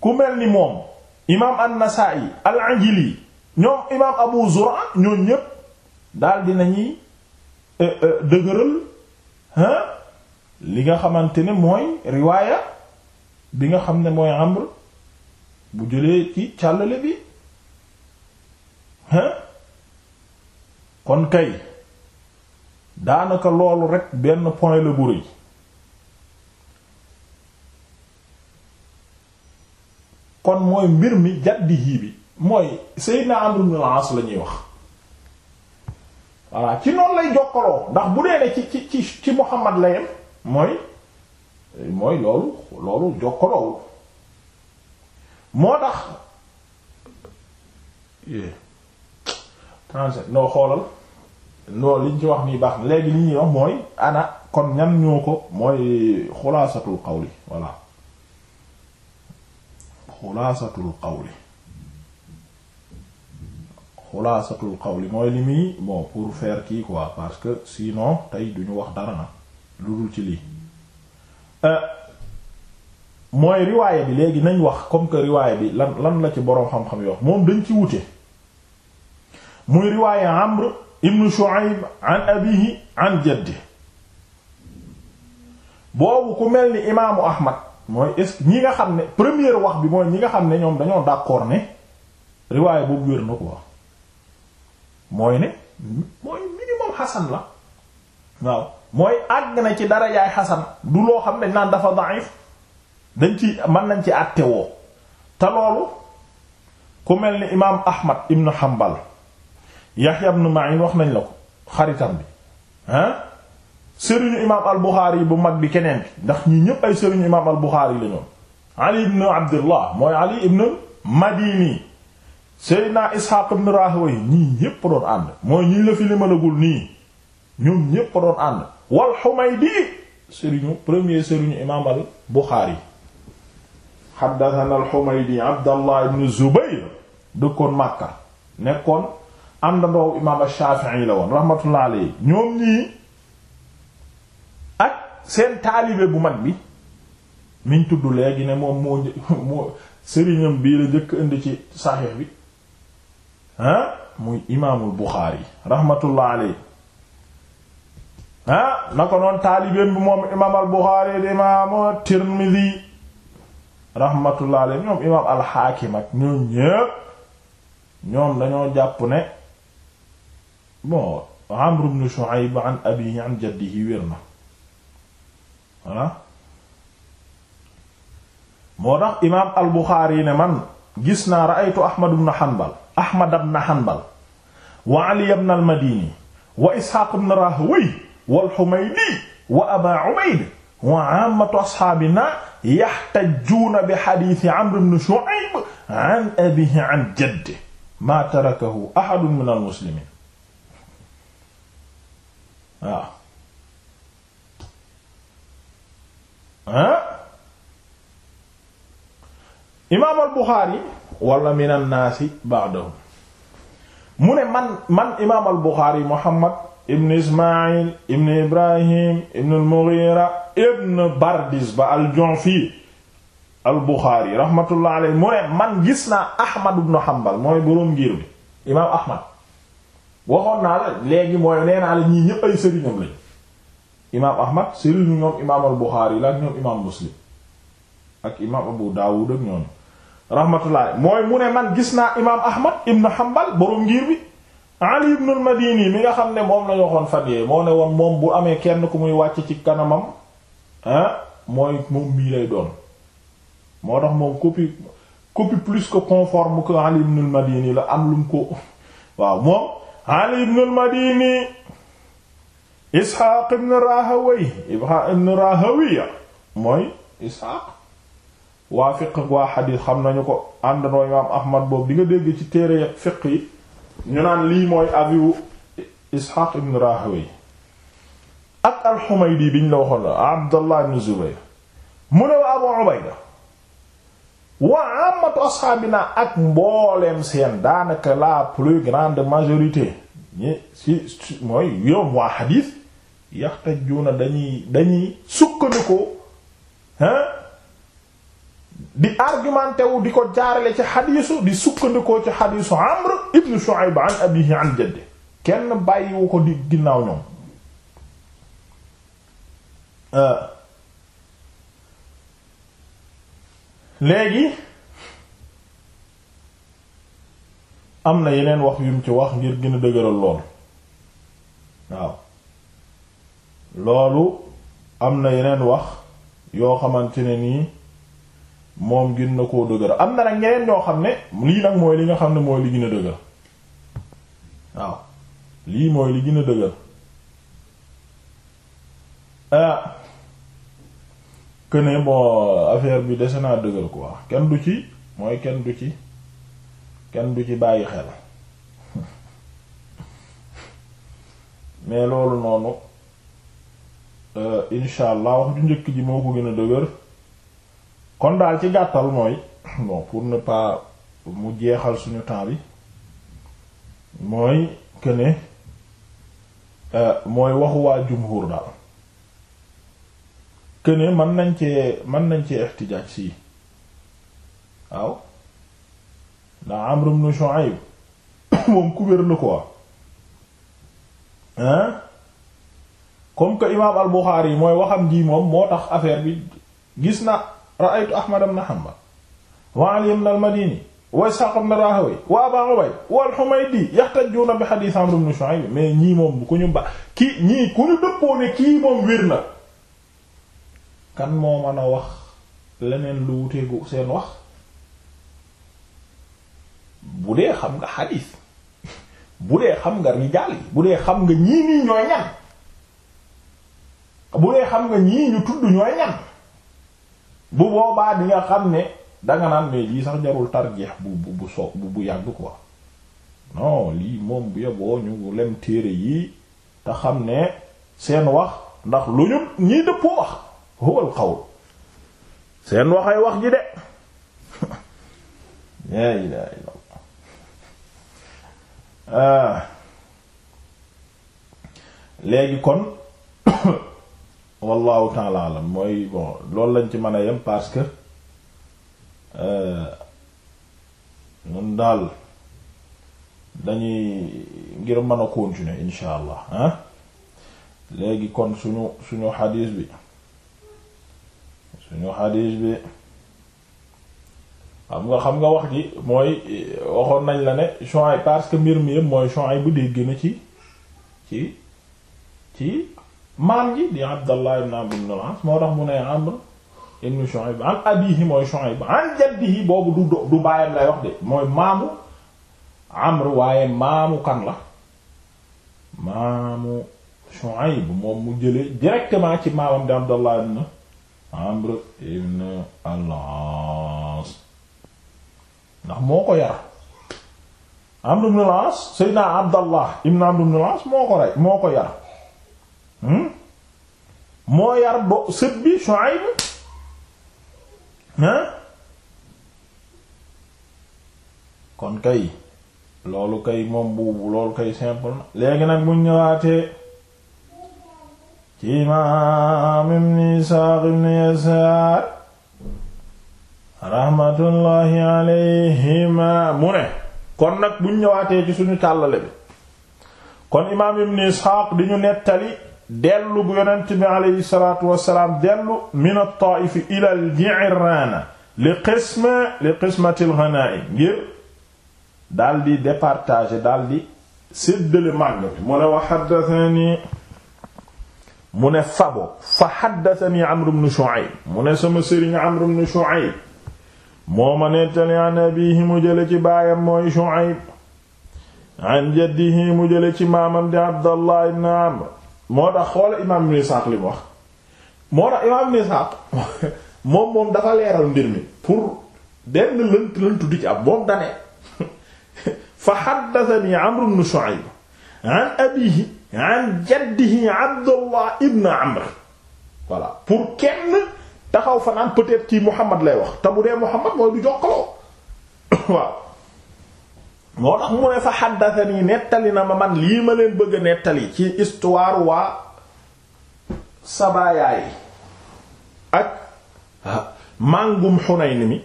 ku mel ni moom imaam an-Nasaa'i al-Ajli ñoom imaam Abu Zur'a ñoom ñépp daldi dinañuy euh, euh, dëgëral li nga xamante ne mooy riwaaya bi nga xam ne mooy Amr bu jëlee ci càllale bi kon kay daanaka loolu rek benn point la bu rëy kon mooy mbir mi jaddihi bi mooy Seydina Amr ibn al-As la ñuy wax voilà ci noonu lay jokkaloo ndax bu nee ne ci ci ci ci Muhammad la mooy mooy loolu loolu jokkaloowul moo tax eh, transet noo xoolal loolu liñ ci wax nii baax léegi li ñuy wax mooy ana kon ñan ñoo ko mooy xulaasatul qawli voilà xulaasatul qawli xulaasatul qawli mooy li muy bon pour faire kii quoi parce que sinon tey duñu wax dara na lu dul ci lii euh, mooy riwaayé bi léegi nañ wax comme que riwaayé bi lan lan la ci boroom xam-xam yi moom dañ ci wute muy riwaayé Amr ibn Shu'ayb an abihi an jaddi boobu ku mel ni imaamu Ahmad mooy est ce ñi nga xam ne première wax bi mooy ñi nga xam ne ñoom dañoo d'accord ne riwaaya boobu wér na ko wax mooy ne mooy minimum xasan la waaw mooy àgg na ci dara yaay xasan du loo xam dañ naan dafa da'if dañ ci mën nañ ci àttewoo te loolu ku mel ni imaam Ahmad ibn Hanbal Yahya ibn Ma'in wax nañ la ko xaritam bi ah sëriñu imaam al-Bukhari bu mag bi keneen ndax ñi ñëpp ay sëriñu imaam al-Bukhari la ñoom Ali ibn Abdullah mooy Ali ibn Madini Seydina Ishaq ibn Rahway ñii ñëpp doon ànd mooy ñi la fi nii ñoom ñëpp doon ànd wal Humaydi sëriñu premier sëriñu imaam al-Bukhari haddathana al-Humaydi Abdallah ibn Zubayr dëkkoon Makka nekkoon àndandoo imaam al-Shafi'i la woon rahmatullah alayhi ñoom ñii seen taalibe bu mag bi miñ tudd léegi ne moom moo moo sëriñam bii la jëkk indi ci saxiix bi ah muy imaamul Buxaari rahmatullah aleyhi ah na ko noon taalibeem bi moom imaam al Buxaari di imaam Tirmidi rahmatullah ñoom imaam alxaakim ak ñoom ñépp ñoom dañoo jàpp ne bon Amr ibn Shu'ayb an abiihi an jaddihi wér na ah moo tax imaam al Buxaari ne man gis naa ra'aytu Ahmad ibn Hanbal Ahmad ibn Hanbal wa Ali ibn al Madini wa Isxaaq ibn Rahawayh wal Humaydi wa Abaa Ubayd wa aammatu asxaabinaa yaxtajjuuna bi xadiisi Amr ibn Shu'ayb an abiihi an jaddihi maa tarakahu ahadun min al muslimiin waaw ah imaam al Buxaari wala min annaasi ba'dahum mu ne man man imaam al Muhammad ibn Ismaayil ibn Ibrahim ibn al ibn Bardizba al Ju'fi al Buxaari rahmatullah mu ne man gis naa Ahmad ibn Hanbal mooy boroom ngir bi imaam Ahmad waxoon naa la léegi mooy nee naa la ñii ñépp sëriñam lañ imaam ahmad sëriñu ñoom imaam al buxaari la ak ñoom imaam muslim ak imaam abu daawud ak ñoom rahmatullah mooy mu ne man gis naa imaam ahmad ibn hanbal borom ngir bi ali ibn madini mi nga xam ne moom la waxoon fan yee moo ne woon moom bu amee kenn ku muy wàcc ci kanamam ah mooy moom mii lay doon moo tax moom copie copie plus que conforme que ali ibn madini la am lum ko waaw moom ali ibn madini Isxaaq ibn Rahawayh ibn Rahawiya mooy Isxaaq waa fiq waa xadiis xam nañu ko àndandoo imaam Ahmad boobu di dégg ci téere ak fiq yi ñu naan lii mooy aviwu Isxaaq ibn Rahawayh ak al-Humaydi biñ la waxoon la Abdallah ibn Zubayr mu ne wa Abu Ubayda wa amatu asxaabina ak mbooleem seen daanaka la plus grande majorité mooy yoom waa xadiis yaxtajuuna dañuy dañuy sukkandiku hein di argumenté di ko jaarale ci xadiisu di sukkandikoo ci xadiisu Amr ibn Shu'ayb an abihi an jaddi kenn bàyyiwu ko di ginnaaw ñoom euh. léegi am na yeneen wax yum ci wax ngir gën a dëgëral lool waaw loolu am na yeneen wax yoo xamante ne nii moom gën na koo dëgër am na nag ñeneen ñoo xam ne lii nag mooy li nga xam ne mooy li gën a dëgër waaw lii mooy li gën a dëgër ah que affaire bi dese naa dëgër quoi kenn du ci mooy kenn du ci kenn du ci bàyyi xel mais loolu noonu. Euh, incha allah wax ju njëkk ji moo ko gën a dëgër kon daal ci gàttal mooy bon pour ne pas mu jeexal suñu temps bi mooy que ne euh, mooy waxu waa jumhur daal que ne mën nañ ci mën nañ cee ixtijaaj sii waaw ndax Amr ibn Shu'ayb moom ku wér la quoi hein comme que imaam al-Bukhari mooy waxam ji moom moo tax affaire bi gis na ra'aytu Ahmad ibn Hanbal wa Ali ibn al-Madini wa Ishaq ibn Rahawayh wa Aba Ubayd wal Humaydi yahtajjuna bi hadith Amr ibn Shu'ayb mais ñii moom ku ñu ba kii ñii ku ñu dëppoo ne kii moom wér na kan moo mën a wax leneen lu wuteegu seen wax bu dee xam nga hadith bu dee xam nga rijaal yi bu dee xam nga ñii nii ñooy ñan bu dee xam nga ñii ñu tudd ñooy ñan bu boobaa di nga xam ne danga naan mais lii sax jarul tarjeex bu bu bu so bu bu yàgg quoi non lii moom bu yeboo ñu lem téere yi te xam ne seen wax ndax lu ñu ñii dëppoo wax huwal xawl seen waxay wax ji de ah. léegi kon wallahu taala alam mooy bon loolu lañ ci mën a yem parce que euh, ñun daal dañuy ngir mën a continuer insha allah ah léegi kon suñu suñu xadiis bi suñu xadiis bi xam nga xam nga wax ji mooy waxoon nañ la ne Shuayb parce que mbir mi yëpp mooy Shuayb bu dégg na ci ci ci maam ji di Abdallah ibn Amr ibn al-As moo tax mu ne Amr ibn Shu'ayb an abiihi mooy Shu'ayb an mu jëlee directement ci maamam di Abdallah ibn al-As moo ko yar Hmm? moo yar bo sët bi Shuaib hein kon kay loolu kay moom buubu loolu kay simple na léegi nag mu ñëwaatee ci imaam ibn Isaaq ibn Yasaar raxmatullaahi alayhima mu ne kon nag buñ ñëwaatee ci suñu tàllale bi kon imaam ibn Isaaq di ñu nettali dellu bu yonent bi aleyhi salaatu wassalaam dellu min at-Taa'if ila al-Ji'raana li qisma li qismati al-ghanaa'im ngir daal di départager daal di séddale màng bi mu ne wa haddathanii mu ne fabo fa haddathanii Amr ibn Shu'ayb mu ne sama sëriñ Amr ibn Shu'ayb moo ma nettali an abiihi mu jële ci baayam mooy Shu'ayb an jaddihi mu jële ci maamam di Abdallah ibn Amr moo tax xoola imaam Ibn Isaaq li mu wax moo tax imaam Ibn moom moom dafa leeral mbir mi pour benn lënt lëntu di ci am moom dane fa haddathani Amr ibn Shu'ayb an abiihi an jaddihi Abdullah ibn Amr voilà pour kenn taxaw fanaan peut-être ci Muhammad lay wax te bu dee Muhammad mooy jox ko waaw moo mu ne fa xaddatani nettali na ma man lii ma leen bëgg a nettali ci histoire waa sabaayaay ak màngum Xunayn mi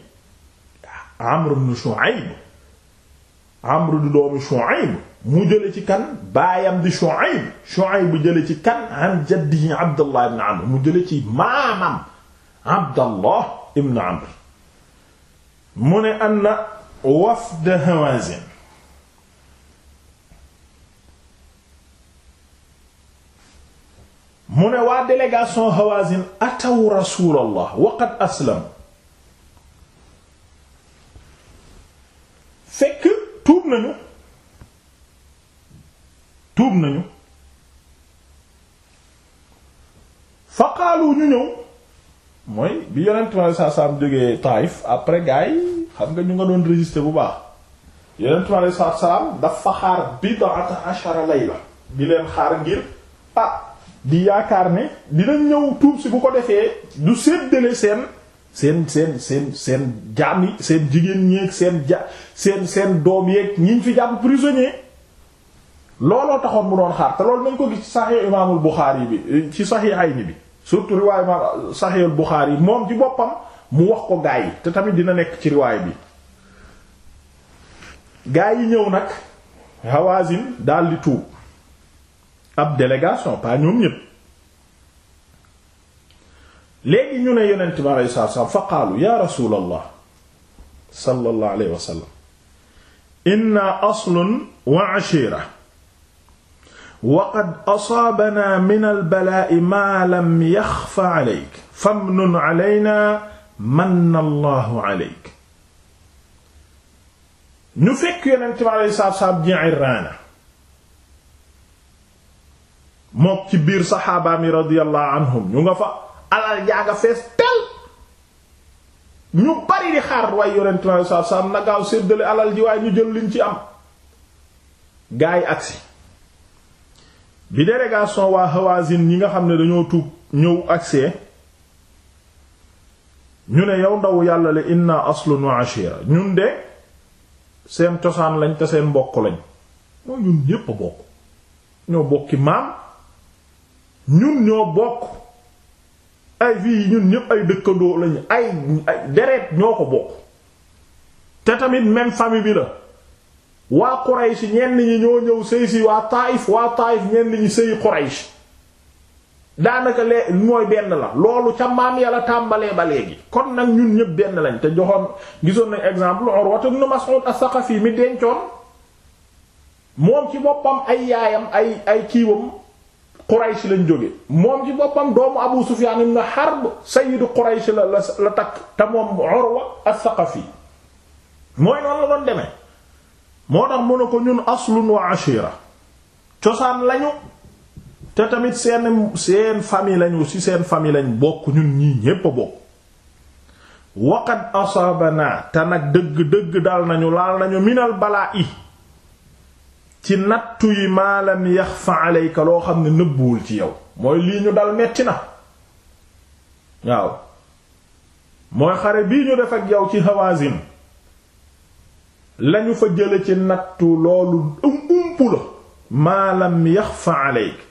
Amr ibn Shu'ayb mu jële ci kan baayam di Shu'ayb bu jële ci kan an jaddihi Abdallah ibn Amr mu jële ci maamam Abdallah ibn Amr mu ne anna wafd Hawazin mu ne waa délégation Hawazin ataw rasulallah waqad aslam fekk tuub nañu tuub nañu fa qaalu ñu ñëw mooy bi yonent mi alayhi salaam jógee Taïf après gars xam nga ñu nga doon résister bu baax yonent mi alayhi salaam dafa xaar bid'ata ashara layla di leen xaar ngir ah di yaakaar ne dinañ ñëw tuub si bu ko defee du séddale seen seen seen seen seen jaam seen jigéen ñeeg seen ja seen seen doom yeeg ñiñ fi jàpp prisonnier looloo taxoon mu doon xaar te loolu nañ ko gis ci saxiix imaamul Buxaari bi ci saxiixayni bi surtout riwaay imaam saxiixul Buxaari yi moom ci boppam mu wax ko gaa yi te tamit dina nekk ci riwaay bi gaa yi ñëw nag Hawazin daal di tuub ab délégation pas ñoom ñépp léegi ñu ne yonent bi alayhi salaatu wa salaam fa qaalu ya rasulallah sallallahu alayhi wa sallam inna aslun wa ashira wa qad asaabana min albalaa'i maa lam yaxfa aleyk famnun aleyna manna allahu aleyk ñu fekk yonent bi alayhi salaatu wa salaam Ji'irraana mook ci biir saxaaba mi radiyallahu anhum ñu nga fa alal yaa nga fees tel ñu bari di xaar waaye yonent saab saab na séddale alal ji waaye ñu jël liñ ci am gaa yi agsi bi délégation waa Hawazin ñi nga xam ne dañoo tuub ñëw agsee ñu ne yow ndaw yàlla le inna aslun ashira ñun de seen cosaan lañ te seen mbokk lañ mooy ñun ñépp bokk ñoo bokki maam ñun ñoo bokk ay vie ñun ñëpp ay dëkkandoo lañu ay deret ñoo ko bokk te tamit même famille bi la waa Quraysh ñenn ñi ñoo ñëw sëy si waa Taïf waa Taïf ñenn ñi sëy Quraysh daanaka lee mooy benn la loolu ca maam yàlla tàmbalee ba léegi kon nag ñun ñëpp benn lañ te joxoon gisoon nañ exemple Urwa ibn Mas'ud as-Saqafi mi dencoon moom ci boppam ay yaayam ay ay kiiwam Quraysh lañ jóge moom ci boppam doomu Abu Sufyan ibn Harb sayyidu Quraysh la la la takk te moom Urwa as-Saqafi mooy noonu la doon demee moo tax mën ko ñun aslun wa ashira cosaan lañu te tamit seen seen famille lañu ci seen famille lañ bokk ñun ñii ñépp a bokk waqad asaabana te nag dëgg dëgg dal nañu laal nañu minal balaa'i ci nattu yi maalam yaxfa alayka loo xam ne nëbbuwul ci yow mooy lii ñu dal metti na waaw mooy xare bii ñu def ak yow ci Hawazin lañu fa jële ci nattu loolu um umpu la maalam yaxfa alayka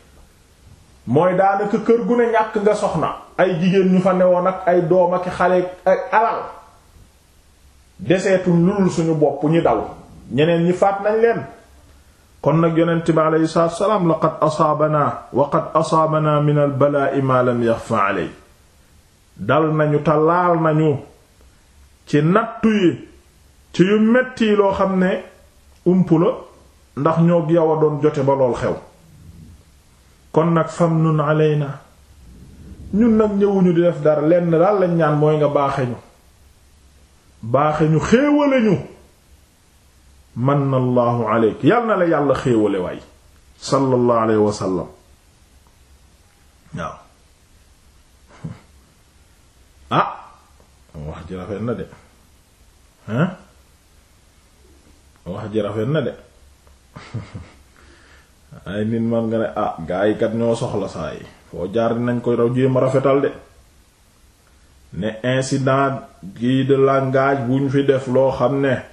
mooy daanaka kër gu ne ñàkk nga soxna ay jigéen ñu fa newoon ak ay doom ak xale ak alal deseetuñ lulul suñu boppu ñi daw ñeneen ñi faat nañ leen kon nag yonent bi aleyhi salaatu salaam laqad asaabanaa wa qad asaabanaa min al balaa'i maa lam aley dal nañu talaal nañu ci nattu yi ci yu metti yi loo xam ne ump ndax ñoo yow doon jote ba lool xew kon nag fam nun aley na ñun nag ñëwuñu di def dara lenn daal lañ ñaan mooy nga baaxe ñu baaxe manna allahu aleyk yal na la yàlla xéewale waay sallallahu alayhi wa sallam waaw ah wax ji rafet na de hein wax ji rafet na de ay nit man nga ne ah gaa ñoo soxla saa yi foo jaar nañ koy raw jéem a rafetal de ne incident gi de langage bu ñu fi def loo xam ne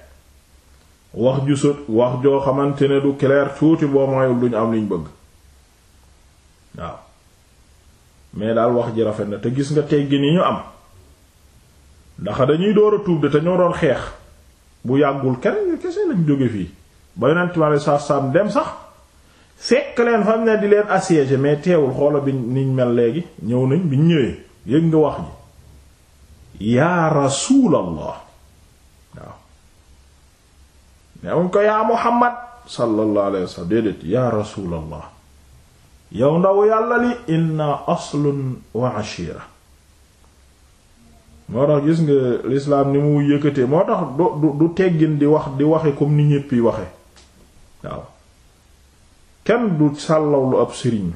wax ju sot wax joo xamante ne du clair tuuti boo moyul duñu am liñ bëgg waaw mais daal wax ji rafet na te gis nga teggi ni ñu am ndax dañuy door a tuub de te ñoo doon xeex bu yàggul kenn ñu kese lañ jóge fii ba yonent mi aleyhis salaatu salaam dem sax fekk leen fam ne di leen assiéger mais teewul xoola bi niñ mel léegi ñëw nañ biñ ñëwee yëg nga wax ji yaa rasuulallah newuñ ko yaa muhammad sallallahu alayhi wasallam déedéet yaa rasulallah yow ndaw yàlla li inna aslun wa ashira moo tax gis nga lislaam ni mu yëkkatee moo tax du du teggin di wax di waxe comme ni ñépp yi waxe waaw kenn du sàllawlu ab sëriñ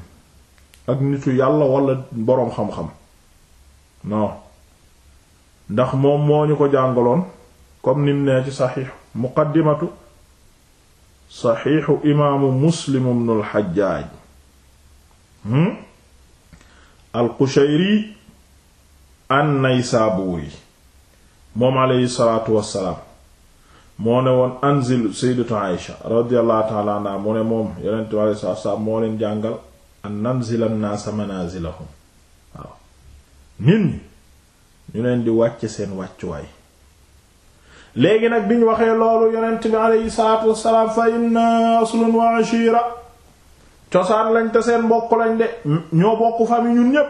ak nitu yàlla wala boroom xam-xam non ndax moom moo ñu ko jàngaloon comme nim nee ci saxiix muqaddimatu saxiixu imaamu muslim ibn al xajjaaj hmm? al qushayri an naysaabuuri moom aleyhi salaatu moo ne woon anzil sayyidatu aysha radiyallahu ta'ala mu ne moom yonent bi aleyhi moo leen jàngal an nanzila naasa manaazilahum waaw nit ñu leen di wàcce seen wàccuwaay léegi nag biñ waxee loolu yonent bi aleyhi salaatu wassalaam fa inna aslun wa ashira cosaan lañ te seen mbokk lañ de ñoo bokk famille ñun ñépp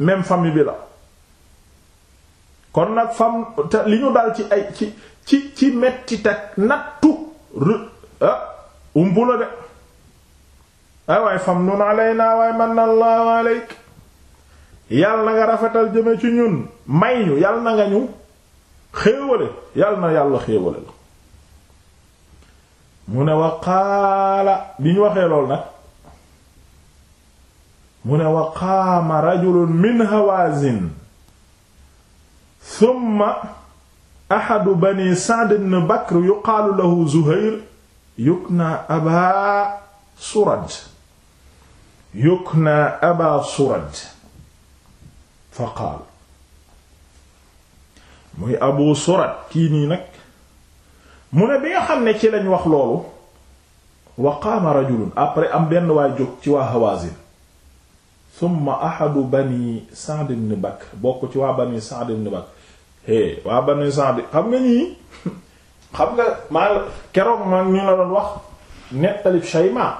même famille bi la kon nag fam te li ñu dal ci ay ci ci ci mettit ak nattu ah, umbu la de ay waay fam nun aley naa waay man allahu aleyk yàlla na nga rafetal jëme ci ñun may ñu yàlla na nga ñu xéewale yàlla na yàlla xéewale la mu ne wa qaala bi ñu waxee lool nag mu ne wa qaama rajulun min hawazin thumma ahadu bani sa'd ibn bakr yuqaalu lahu zuhair yukna aba surad yukna aba surad fa qaal muy abu surat kii nii nag mu ne bi nga xam ne ci lañ wax loolu wa qaama rajulun après am benn waay jóg ci waa hawazin summa ahadu bani sa'd ibn bokk ci waa bani sa'd ibn bakr hé waa bani sa'd xam nga ñii xam nga maa keroog ma ñu la doon wax nettalib shayma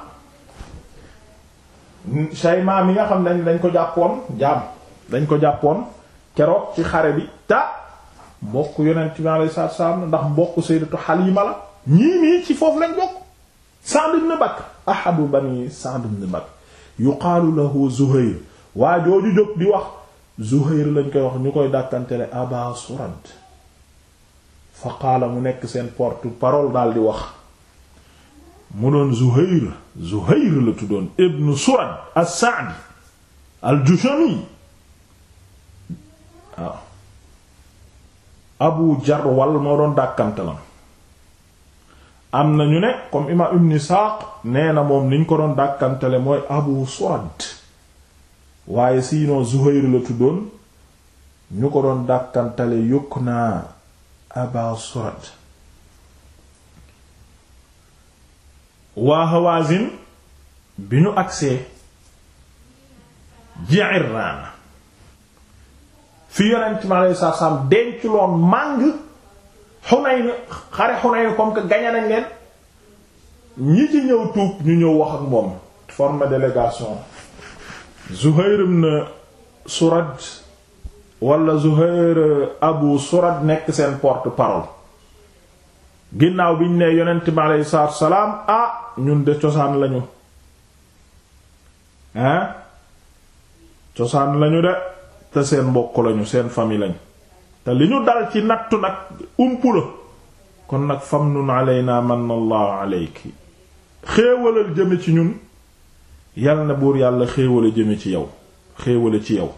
shayma mi nga xam ne dañ ko jàppoon jaam dañ ko jàppoon keroog ci xare bi ta mbokk yonent bi alayhi salaatu salaam ndax mbokk sayyidatu Halima la ñii nii ci foofu lañ bokk Sa'd ibn Bakr ahadu bani Sa'd ibn Bakr yuqaalu lahu Zuhayr waa jooju jóg di wax Zuhayr lañ koy wax ñu koy dàkkantele Aba Surad fa qaala mu nekk seen porte parole dal di wax mu doon Zuhayr Zuhayr la tuddoon ibn Surad as-Sa'di al-Jushami waaw abu jarwal moo doon dàkkantalam am na ñu ne comme imaam ibn Isaaq nee na moom niñ ko doon dàkkantale mooy abu surad waaye sinon zuhayr la tuddoon ñu ko doon dàkkantale yokk naa aba surad waa bi ñu agsee ji'irraana fi yonent mi alayhi salaatu salaam denc loon màng Hunayn xare Hunayn comme que gañe nañ leen ñi ci ñëw tuub ñu ñëw wax ak moom forme délégation Zuhayr ibn Surad wala Zuhayr Abu Surad nekk seen porte-parole ginnaaw biñ ne yonent mi alayhi salaatu salaam ah ñun de cosaan lañu hein cosaan lañu de te seen mbokk lañu seen famille lañ te li ñu dal ci nattu nag umpu la kon nag famnun aleyna man allahu aleyki xéewal jëme ci ñun yal na buur yàlla xéewal jëme ci yow xéewala ci yow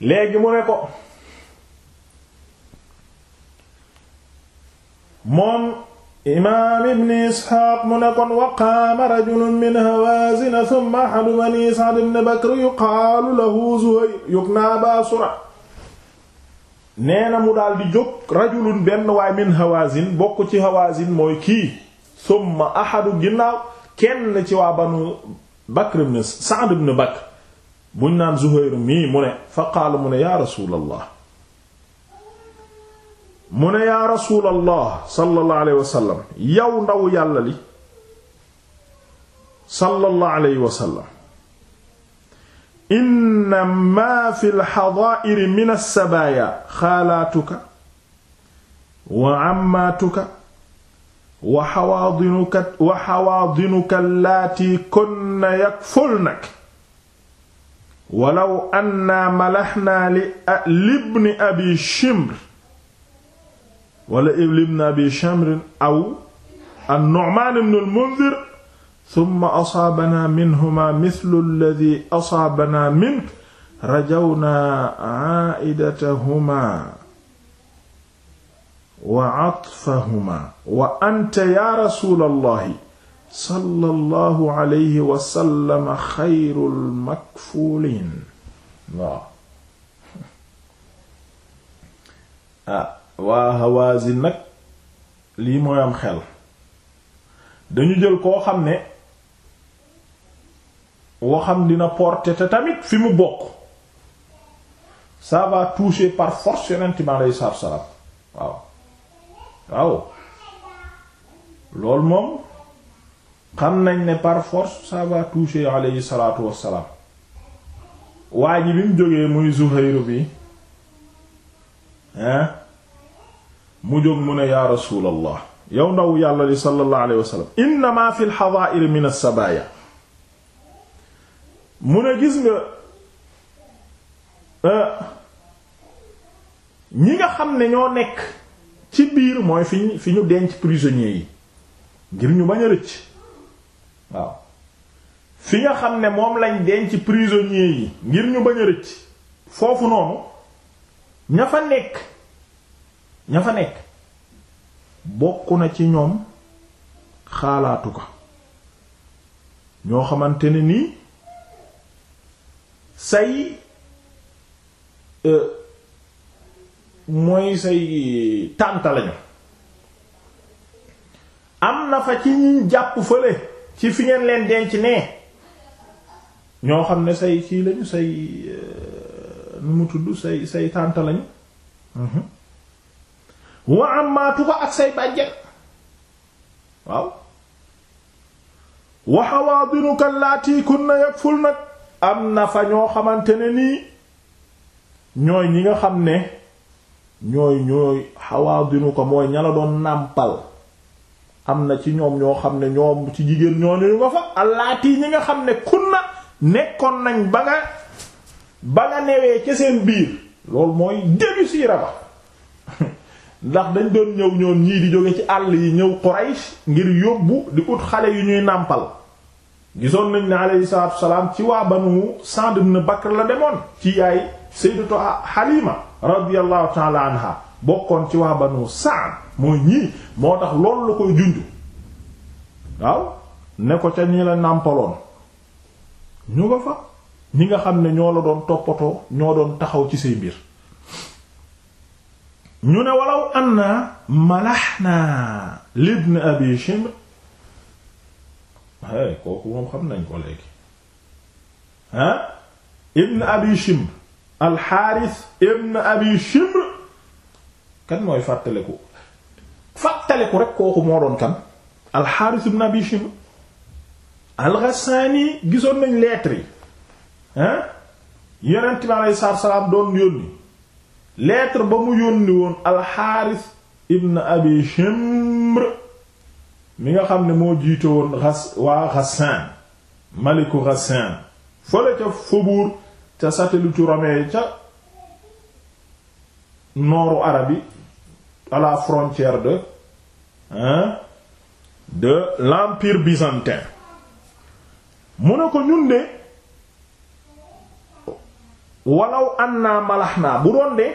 léegi mu ne ko moom imaam ibni isxaaq mu ne kon waqaama rajulun min hawaazina summa ahadu bani sa'd ibn bakr yuqaalu lahu zuhayr yuknaa baasura nee na mu daal di jóg rajulun benn waay min hawaazin bokk ci hawaazin mooy kii summa ahadu ginnaaw kenn ci waa banu bakr ibn sa'd ibn bakr buñ naan zuhayr mii mu ne fa qaala rasuulallah mu ne yaa rasuulallah sallallahu alayhi wasallam yow ndaw yàlla li sallallahu alayhi wasallam inna ma fi alxadaa'iri min alsabaaya xaalaatuka wa ammaatuka wa xawaadinuka wa xawaadinuka allaati kunna yakfulnak walaw annaa malaxnaa li libni abi shimr wala ibn abi shamrin aw an-nu'man ibn al-mundhir thumma asaabana minhuma mithlu alladhi asaabana mink rajawna aa'idatahuma wa atfahuma wa anta ya rasulallahi sallallahu alayhi wa sallam xayrul makfuulin waaw ah. waa Hawazin nag lii mooy am xel dañu jël koo xam ne waxam dina porter te tamit fi mu bokk ça va toucher par force yonent mi aleyhi salaam waaw waaw loolu moom xam nañ ne par force ça va toucher aleyhi salaatu wassalaam waa ji bi mu jógee muy Zuhayru bi hein mu jóg mu ne yaa rasuulallah yow ndaw yàlla li sallallahu alayhi wa sallam fi lxadaa'ir min as-sabaaya mu ne gis nga euh, ñi nga xam ne ñoo nekk ci biir mooy fi fi ñu denc prisonniers yi ngir ñu bañ a rëcc waaw fi nga xam ne moom lañ denc prisonniers yi ngir ñu bañ a rëcc foofu noonu ña fa nekk ña fa nekk bokk na ci ñoom xaalaatu ko ñoo xamante ne nii say euh, mooy say tànta lañu am na fa ci ñi jàpp fële ci fi ngeen leen denc nee ñoo xam ne say kii lañu say euh, nu mu tudd say say tànta lañu mhm. wa amaatuka ak say bàjjen waaw wa hawaadinuka allati kunna yakfulnak am na fa ñoo xamante ne nii ñooy ñi nga xam ne ñooy ñooy hawaadinuka mooy ña la doon nàmpal am na ci ñoom ñoo xam ne ñoom ci jigéen ñoo ne ñu nga fa allati ñi nga xam ne kunna nekkoon nañ ba nga ba nga newee ca seen biir loolu mooy début ba ndax dañ doon ñëw ñoom ñii di jóge ci àll yi ñëw Quraysh ngir yóbbu di ut xale yu ñuy nàmpal gisoon nañ ne aleyhi salaatu ci waa banu Sa'd ibn Bakr la demoon ci yaay sayyidatu Halima bokkoon ci waa banu Sa'd mooy ñii moo tax loolu la koy junj waaw ne ko ca ñi la nàmpaloon ñu nga fa ñi nga xam ne ñoo la doon toppatoo ñoo doon taxaw ci say mbir ñu ne walaw anna na libn abi shimr hey kooku moom xam nañ ko léegi ah ibn abi shimr alxaaris ibn abi shimr kan mooy fàttaliku fàttaliku rek kooku moo doon kan alxaaris ibn abi shimr alxasaani gisoon nañ lettre yi ah yonent bi alayhi salaam doon yónni lettre ba mu yónni woon alxaaris ibn abi shimr mi nga xam ne moo jiite woon xas waa Ghassan maliku Ghassan fële ca faubourg ca satellite Romain ca nooru Arabie à la frontière de de l'empire byzantin mu ne ko ñun de walaw annaa malax naa bu doon de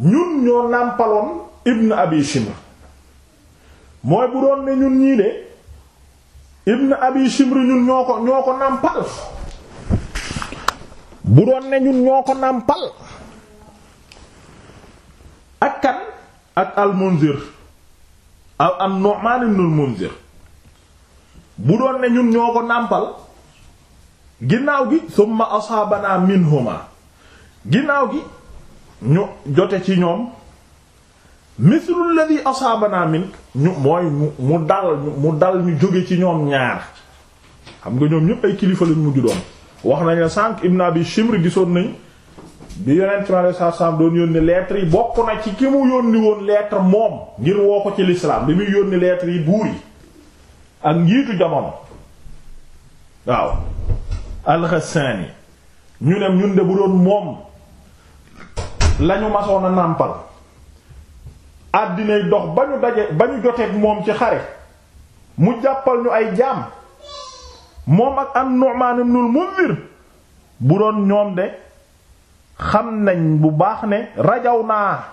ñun ñoo nàmpaloon ibn abi shimr mooy bu doon ne ñun ñii de ibn abi shimr ñun ñoo ko ñoo ko nàmpal bu doon ne ñun ñoo ko nàmpal ak kan ak al munzir al an nu'man ibn al bu doon ne ñun ñoo ko nàmpal ginnaaw gi summa asaabana minhuma ginnaaw gi ñu jote ci ñoom mithlu la asaabana min ñu mooy mu dal mu dal ñu jóge ci ñoom ñaar xam nga ñoom ñëpp ay kilifa lañ mujju doon wax nañ la sànq ibn abi shimr gisoon nañ bi yonent mi alayhi salaatu salaam doon yónni lettre yi bokk na ci ki mu yónni woon lettre moom ngir woo ko ci lislaam bi muy yónni lettre yi buur yi ak njiitu jamono waaw al-Ghassani ñu ne ñun de bu doon moom lañu masoon a nàmpal àddinay dox ba ñu daje ba ñu joteeg moom ci xare mu jàppal ñu ay jaam moom ak am Nu'man ibn al-Munzir bu doon ñoom de xam nañ bu baax ne rajaw naa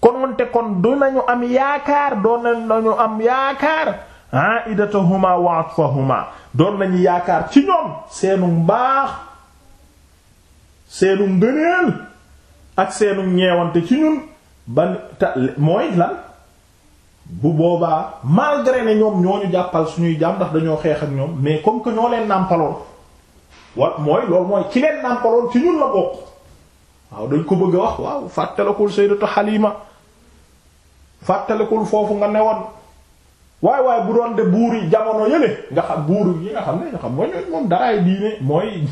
kononte kon du nañu am yaakaar doon nañu am yaakaar aidatahuma wa atfahuma doon lañu yaakaar ci ñoom seenu baax seenu ngëneel ak seenu ñeewante ci ñun ban mooy lan bu boobaa malgré ne ñoom ñoo ñu jàppal suñuy jaam ndax dañoo xeex ak ñoom mais comme que ñoo leen nàmpaloon wa mooy loolu mooy ci leen nàmpaloon ci ñun la bokk waaw dañ ko bëgg a wax waaw fàttalekul sayyidatu Halima fàttalekul foofu nga ne woon waaye waaye bu doon de buur yi jamono yële nga xam buur yi nga xam ne nga xam mooy ñooñu moom daraay diine mooy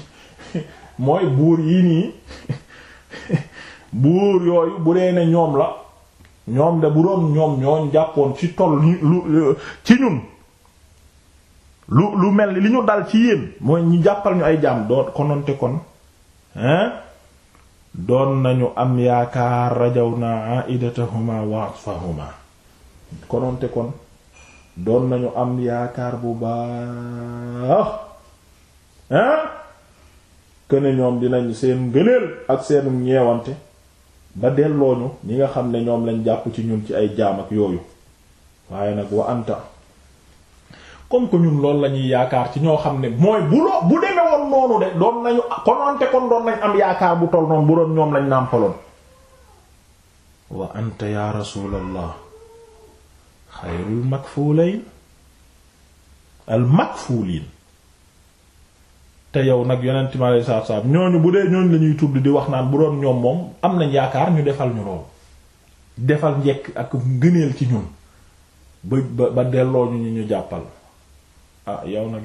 mooy buur yi nii buur yooyu bu dee ne ñoom la ñoom de bu doon ñoom ñooñ jàppoon ci toll lu ci ñun lu mel ni li ñu dal ci yéen mooy ñu jàppal ñu ay jaam doon kononte kon hein doon nañu am yaakaar rajaw naa aidatahuma wa atfahuma kononte kon doon nañu am yaakaar bu baax ah këne ñoom dinañ seen ngëneel ak seenu ñeewante ba dellooñu ñi nga xam ne ñoom lañ jàpp ci ñun ci ay jaam ak yooyu waaye nag wa anta comme que ñun loolu la ñuy yaakaar ci ñoo xam ne mooy bu loo bu demee noonu de doon nañu kononte kon doon nañ am yaakaar bu toll noonu bu doon ñoom lañ nàmpaloon wa anta ya rasulallah xayrul makfuulayn al makfuuliin te yow nag yonent mi alayhi salaatu salaam ñooñu bu dee ñooñu lañuy ñuy tudd di wax naan bu doon ñoom moom am nañ yaakaar ñu defal ñu loolu defal njekk ak ngëneel ci ñun ba ba delloo ñu ñu jàppal ah yow nag